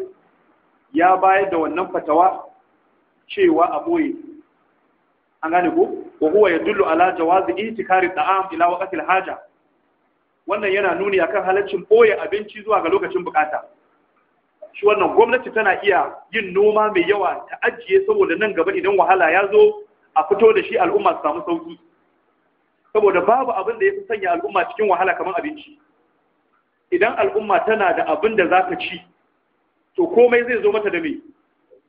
Speaker 1: ya bayar da wannan fatawa cewa a boye an gane ko wa huwa yadullu ala jawazi intikari ta'am ila waqtil haja wannan yana nuni akan halaccin boye abinci zuwa ga lokacin bukata shi wannan gwamnati tana iya yin noma mai yawa ta ajiye saboda nan gaba idan wahala ya zo a fito da shi al'umma su samu sauki saboda babu abin da ya fi sanya al'umma cikin wahala kamar abinci idan al'umma tana da abin da za ta ci to komai zai zo mata da me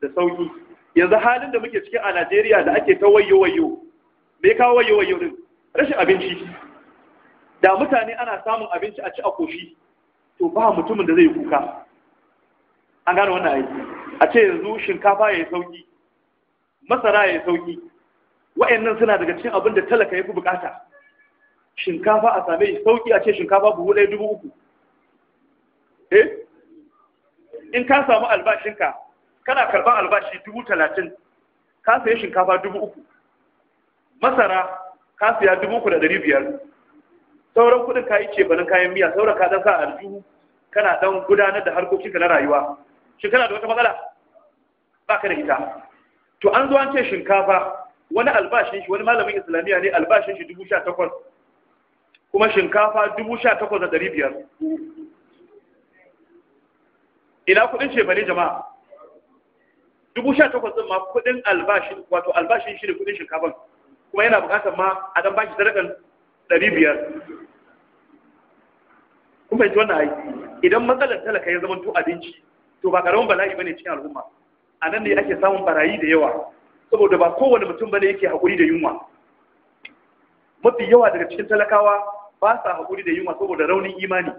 Speaker 1: da sauki yanzu halin da muke cikin a Najeriya da ake ta wayo wayo me kawo wayo wayo din rashin abinci da mutane ana samun abinci a ci a koshi to ba mutumin da zai kuka an gane wannan aiki a ce yanzu shinkafa ya yi sauki masara ya yi sauki wa'annan suna daga cikin abin da talaka ya fi bukata shinkafa a same yi sauki a ce shinkafa buhu ɗaya dubu uku eh in ka samu albashinka kana karɓar albashi dubu talatin ka sayi shinkafa dubu uku masara ka siya dubu uku da ɗari biyar sauran kuɗin ka yi cefanin kayan miya sauran ka ɗan sa aljihu kana ɗan gudanar da harkokinka na rayuwa shin da wata matsala ba ka da ita to an zo an ce shinkafa wani albashin shi wani malamin islamiyya ne albashin shi dubu takwas kuma shinkafa dubu takwas ɗari biyar ina kuɗin ce bane jama'a dubu din takwas ma kudin albashin wato albashin shi ne kuɗin shinkafan kuma yana buƙatar ma a dan bashi zarafin ɗari biyar kuma yanzu wannan ai idan matsalar talaka ya zama to abinci to ba karamin bala'i bane cikin al'umma a nan ne ake samun barayi da yawa saboda ba kowane mutum bane yake haƙuri da yunwa mafi yawa daga cikin talakawa ba sa haƙuri da yunwa saboda raunin imani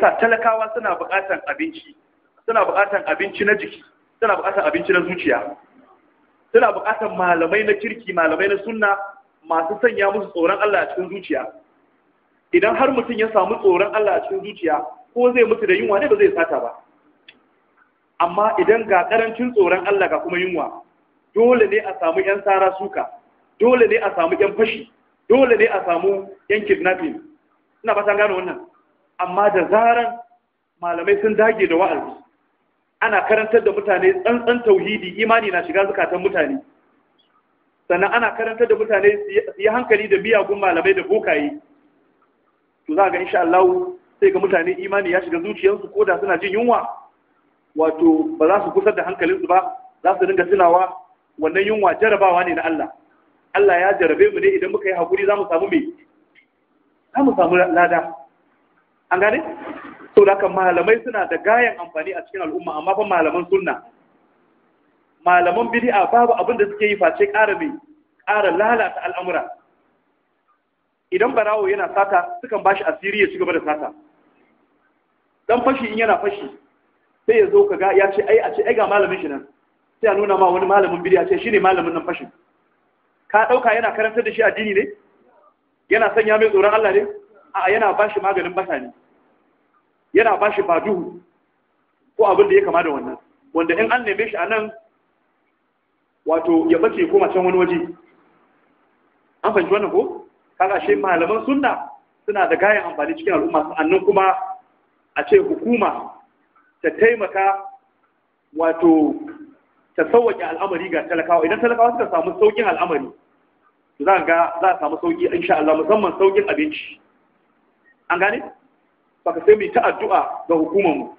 Speaker 1: sa talakawa suna buƙatan abinci suna buƙatar abinci na jiki suna buƙatan abinci na zuciya suna buƙatan malamai na kirki malamai na sunna masu sanya musu tsoron Allah a cikin zuciya idan har mutum ya samu tsoron Allah a cikin zuciya ko zai mutu da yunwa ne ba zai sata ba amma idan ga karancin tsoron Allah ga kuma yunwa dole ne a samu yan tsara suka dole ne a samu yan fashi dole ne a samu yan kidnapping ina ba san gane wannan amma da zaran malamai sun dage da wa'azi ana karantar da mutane tsantsan tauhidi imani na shiga zakatan mutane sannan ana karantar da mutane su yi hankali da biyagun malamai da bokaye to za ga insha Allah sai ga mutane imani ya shiga zuciyarsu ko da suna jin yunwa wato ba za su kusar da hankalin su ba za su dinga tunawa wannan yunwa jarabawa ne na Allah Allah ya jarabe mu ne idan muka yi hakuri za mu samu me za mu samu lada an gane to da malamai suna da gayan amfani a cikin al'umma amma fa malaman sunna malaman bid'a babu abin da suke yi face ƙara mai ƙara lalata al'amura idan barawo yana sata sukan bashi asiri ya ci gaba da sata dan fashi in yana fashi sai ya zo ka ga ya ce ai a ce ai ga malamin shi nan sai a nuna ma wani malamin bidiya ce shine malamin nan fashin ka ɗauka yana karantar da shi addini ne yana sanya mai tsoron Allah ne a yana ba shi maganin bata ne yana ba shi baduhu ko abin da ya kama da wannan wanda in an neme shi a nan wato ya bace ko can wani waje an fahimci wannan ko kaga shi malaman sunna suna da gayan amfani cikin al'umma sannan kuma a ce hukuma ta taimaka wato ta sauwaƙe al'amari ga talakawa idan talakawa suka samu sauƙin al'amari za ga za a samu sauƙi sha Allah musamman sauƙin abinci an gane ka sai mu ta addu'a ga hukumar mu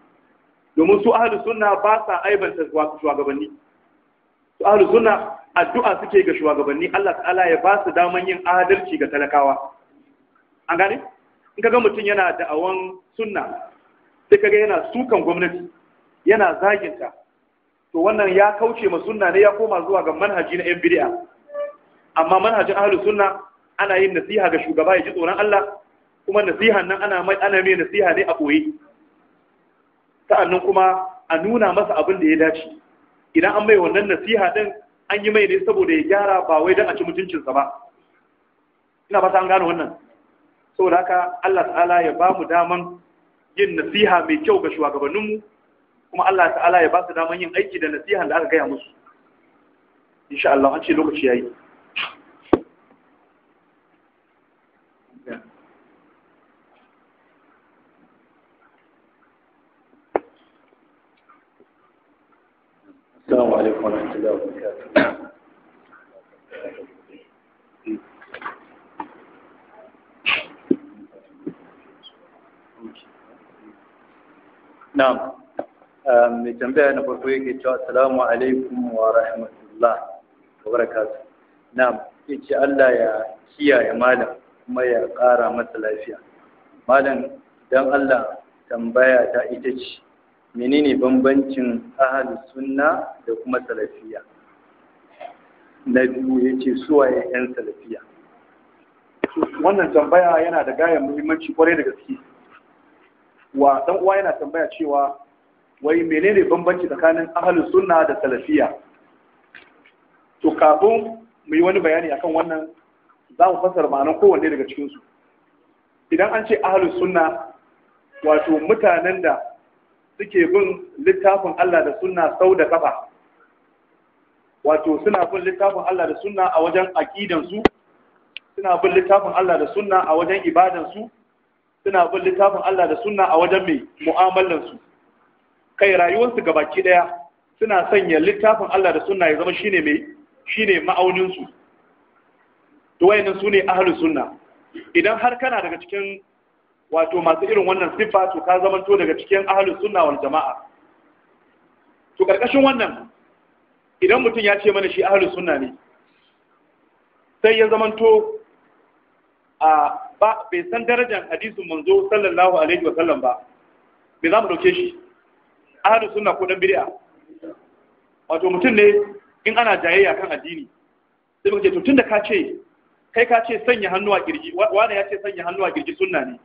Speaker 1: domin su ahlus sunna ba sa aibanta shugabanni su ahlus sunna addu'a suke ga shugabanni Allah ta'ala ya ba su daman yin adalci ga talakawa an gane in ka ga mutum yana da'awan sunna sai kaga yana sukan gwamnati yana zaginta to wannan ya kauce ma sunna ne ya koma zuwa ga manhaji na yan bid'a amma manhajin ahlus sunna ana yin nasiha ga shugaba ya ji tsoron Allah kuma nasihan nan ana mai ana mai nasiha ne a koyi sa'annan kuma a nuna masa abin da ya dace idan an mai wannan nasiha din an yi mai ne saboda ya gyara ba wai don a ci mutuncinsa ba ina ba ta an gano wannan saboda haka Allah ta'ala ya ba mu daman yin nasiha mai kyau ga shugabanninmu kuma Allah ta'ala ya ba su daman yin aiki da nasiha da aka gaya musu insha Allah an ce lokaci yayi tambaya na farko yake cewa assalamu alaikum wa rahmatullah wa barakatu na'am yace Allah ya kiyaye malam kuma ya ƙara masa lafiya malam dan Allah tambaya ta ita ce menene bambancin ahlus sunna da kuma salafiya na biyu yace waye yan salafiya wannan tambaya yana da gayan muhimmanci kwarai da gaske wa dan uwa yana tambaya cewa wai menene bambanci tsakanin ahalus sunna da salafiya to kafin mu yi wani bayani akan wannan za mu fasara ma'anar kowanne daga cikinsu idan an ce ahalus sunna wato mutanen da suke bin littafin Allah da sunna sau da kafa wato suna bin littafin Allah da sunna a wajen aƙidansu, suna bin littafin Allah da sunna a wajen ibadansu suna bin littafin Allah da sunna a wajen mai mu'amalansu kai rayuwarsu gabaki daya suna sanya littafin Allah da sunna ya zama shine mai shine ma'aunin su to wayannan sune ahli sunna idan har kana daga cikin wato masu irin wannan sifa to ka zama to daga cikin ahli sunna wal jama'a to karkashin wannan idan mutum ya ce mana shi ahli sunna ne sai ya zama to a ba bai san darajar hadisin manzo sallallahu alaihi wa sallam ba bai za mu dauke shi ahlus suna ko dan bid'a wato mutum ne in ana jayayya kan addini sai muka ce to tunda ka ce kai ka ce sanya hannu a kirji wani ya ce sanya hannu a kirji sunna ne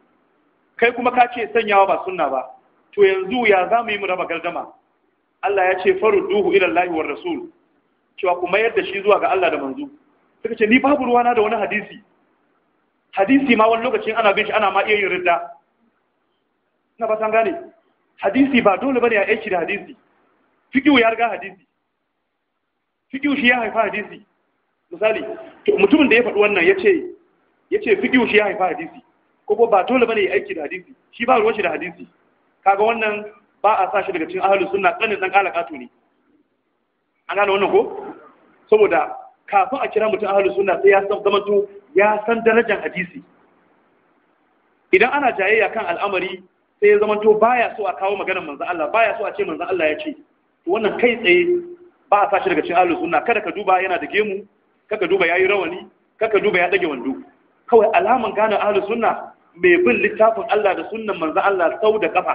Speaker 1: kai kuma ka ce sanyawa ba sunna ba to yanzu ya za mu yi mu raba gardama Allah ya ce faru ila Allah war rasul cewa kuma yadda shi zuwa ga Allah da manzo suka ce ni babu ruwana da wani hadisi hadisi ma wani lokacin ana bin shi ana ma iya yin ridda na ba san gane hadisi ba dole bane a aiki da hadisi fiqhu ya riga hadisi fiqhu shi ya haifa hadisi misali to mutumin da ya faɗi wannan yace yace fiqhu shi ya haifa hadisi ko ba dole bane ya aiki da hadisi shi ba ruwa shi da hadisi kaga wannan ba a sa shi daga cikin ahlus sunna kanin dan kalakatu ne an gane wannan ko saboda kafin a kira mutum ahlus sunna sai ya san zamanto ya san darajar hadisi idan ana jayayya kan al'amari sai ya zama to baya so a kawo maganar manzan Allah baya so a ce manzan Allah ya ce to wannan kai tsaye ba a sashi daga cin ahlus sunna kada ka duba yana da gemu kaka duba yayi rawani kaka duba ya dage wando kawai alaman gane ahlus sunna mai bin littafin Allah da sunnan manzan Allah sau da kafa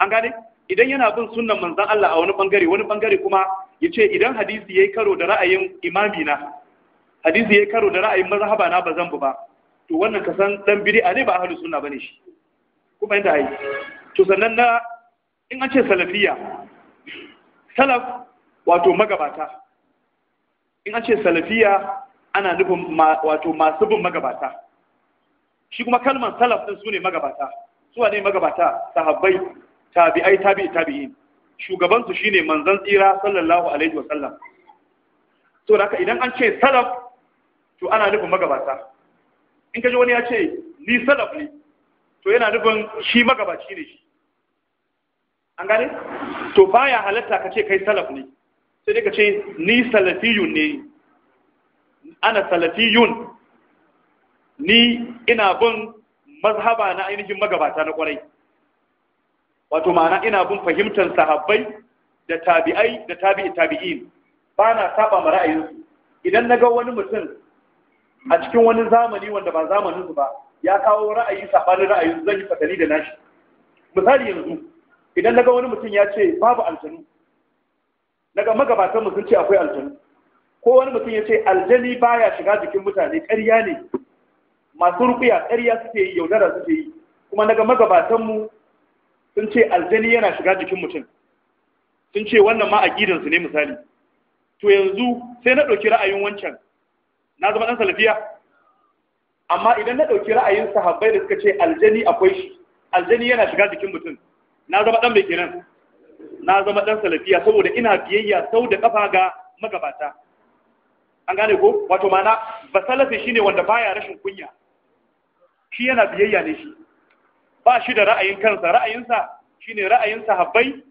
Speaker 1: an gane idan yana bin sunnan manzan Allah a wani bangare wani bangare kuma ya ce idan hadisi yayi karo da ra'ayin imami na hadisi yayi karo da ra'ayin mazhaba na zan bu ba to wannan kasan dan bid'a ne ba ahlus sunna bane shi kuma yadda ai to sannan na in an ce salafiya salaf wato magabata in an ce salafiya ana nufin wato masu bin magabata shi kuma kalmar salaf din su ne magabata su ne magabata sahabbai tabi'ai tabi'i tabi'in shugaban su shine manzon tsira sallallahu alaihi wasallam to haka idan an ce salaf to ana nufin magabata in kaji wani ya ce ni salaf ne to yana nufin shi magabaci ne shi an gane to baya halatta ka ce kai salaf ne sai dai ka ce ni salafiyun ne ana salafiyun ni ina bin mazhaba na ainihin magabata na kwarai wato ma'ana ina bin fahimtar sahabbai da tabi'ai da tabi'i tabi'in ba na saba ma ra'ayinsu idan na ga wani mutum a cikin wani zamani wanda ba zamaninsu ba ya kawo ra'ayi sabanin ra'ayi zan yi fatali da nashi misali yanzu idan naga wani mutum ya ce babu aljanu naga magabatan mu sun ce akwai aljanu ko wani mutum ya ce aljani baya shiga jikin mutane ƙarya ne masu rukuya ƙarya suke yi yaudara suke yi kuma naga magabatan mu sun ce aljani yana shiga jikin mutum sun ce wannan ma su ne misali to yanzu sai na ɗauki ra'ayin wancan na zama ɗan salafiya amma idan na ɗauki ra'ayin sahabbai da suka ce aljani akwai shi aljani yana shiga jikin mutum na zama ɗan mai kenan na zama ɗan salafiya saboda ina biyayya sau da ƙafa ga magabata an gane ko wato mana ba salafi shine wanda baya rashin kunya shi yana biyayya ne shi ba shi da ra'ayin kansa ra'ayinsa shine ra'ayin sahabbai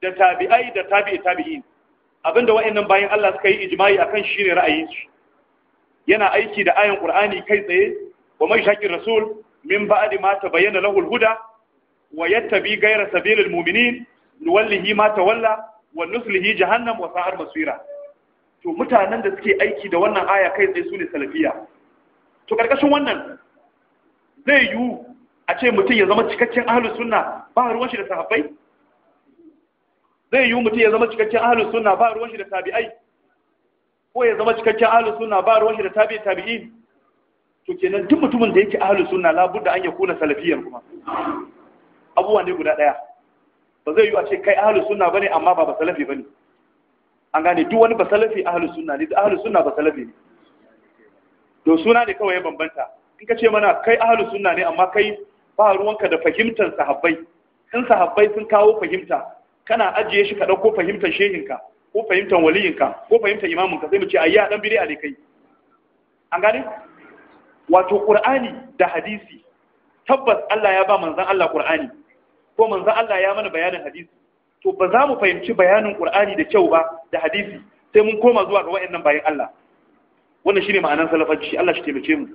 Speaker 1: da tabi'ai da tabi'i tabi'in abinda wa'annan bayan Allah suka yi ijma'i akan shine ra'ayin shi yana aiki da ayan qur'ani kai tsaye wa mai shaqir rasul min ba'di ma tabayyana lahu al-huda wa yattabi ghayra sabilil mu'minin nuwallihi ma tawalla wa nuslihi jahannam wa sa'ar masira to mutanen da suke aiki da wannan aya kai tsaye sune salafiya to karkashin wannan zai yiwu a ce mutum ya zama cikakken ahlus sunna ba ruwan shi da sahabbai zai yiwu mutum ya zama cikakken ahlus sunna ba ruwan shi da tabi'ai ko ya zama cikakken ahlus sunna ba ruwan shi da tabi'i tabi'in to kenan duk mutumin da yake ahlus sunna labudda an ya kuna salafiyan kuma abubuwa ne guda daya ba zai yi a ce kai ahlus sunna bane amma ba salafi bane an gane duk wani basalafi ahlus sunna ne ahlus sunna salafi ne to suna ne kawai ya bambanta in ka ce mana kai ahlus sunna ne amma kai ba ruwanka da fahimtar sahabbai in sahabbai sun kawo fahimta kana ajiye shi ka dauko fahimtar shehinka ko fahimtar waliyinka ko fahimtar ka, sai mu ce ayya dan bid'a ne kai an gane wato qur'ani da hadisi tabbas Allah ya ba manzon Allah qur'ani ko manzon Allah ya mana bayanin hadisi to ba za mu fahimci bayanin qur'ani da kyau ba da hadisi sai mun koma zuwa ga wayannan bayan Allah wannan shine ma'anar salafanci Allah shi taimake mu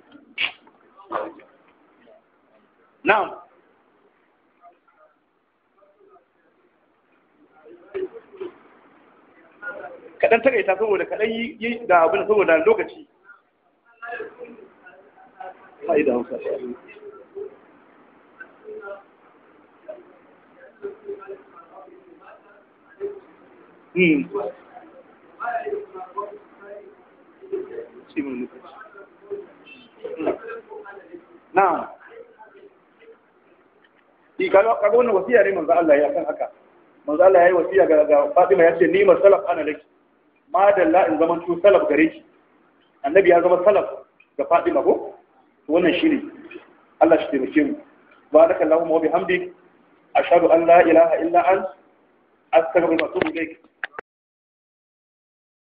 Speaker 1: na'am kaɗan takaita saboda kaɗan yi da abin saboda lokaci fa'ida hausa Hmm. hmm. Na'am. Ki kaga wannan wasiya ne manzo Allah ya kan haka. Manzo Allah ya yi wasiya ga Fatima ya ce ni masu masalaf ana laki. madalla in zama salaf gare ki annabi ya zama salaf ga Fatima ko wannan shine Allah shi taimake mu barakallahu wa bihamdik ashhadu an la ilaha illa ant astaghfiruka wa atubu ilayk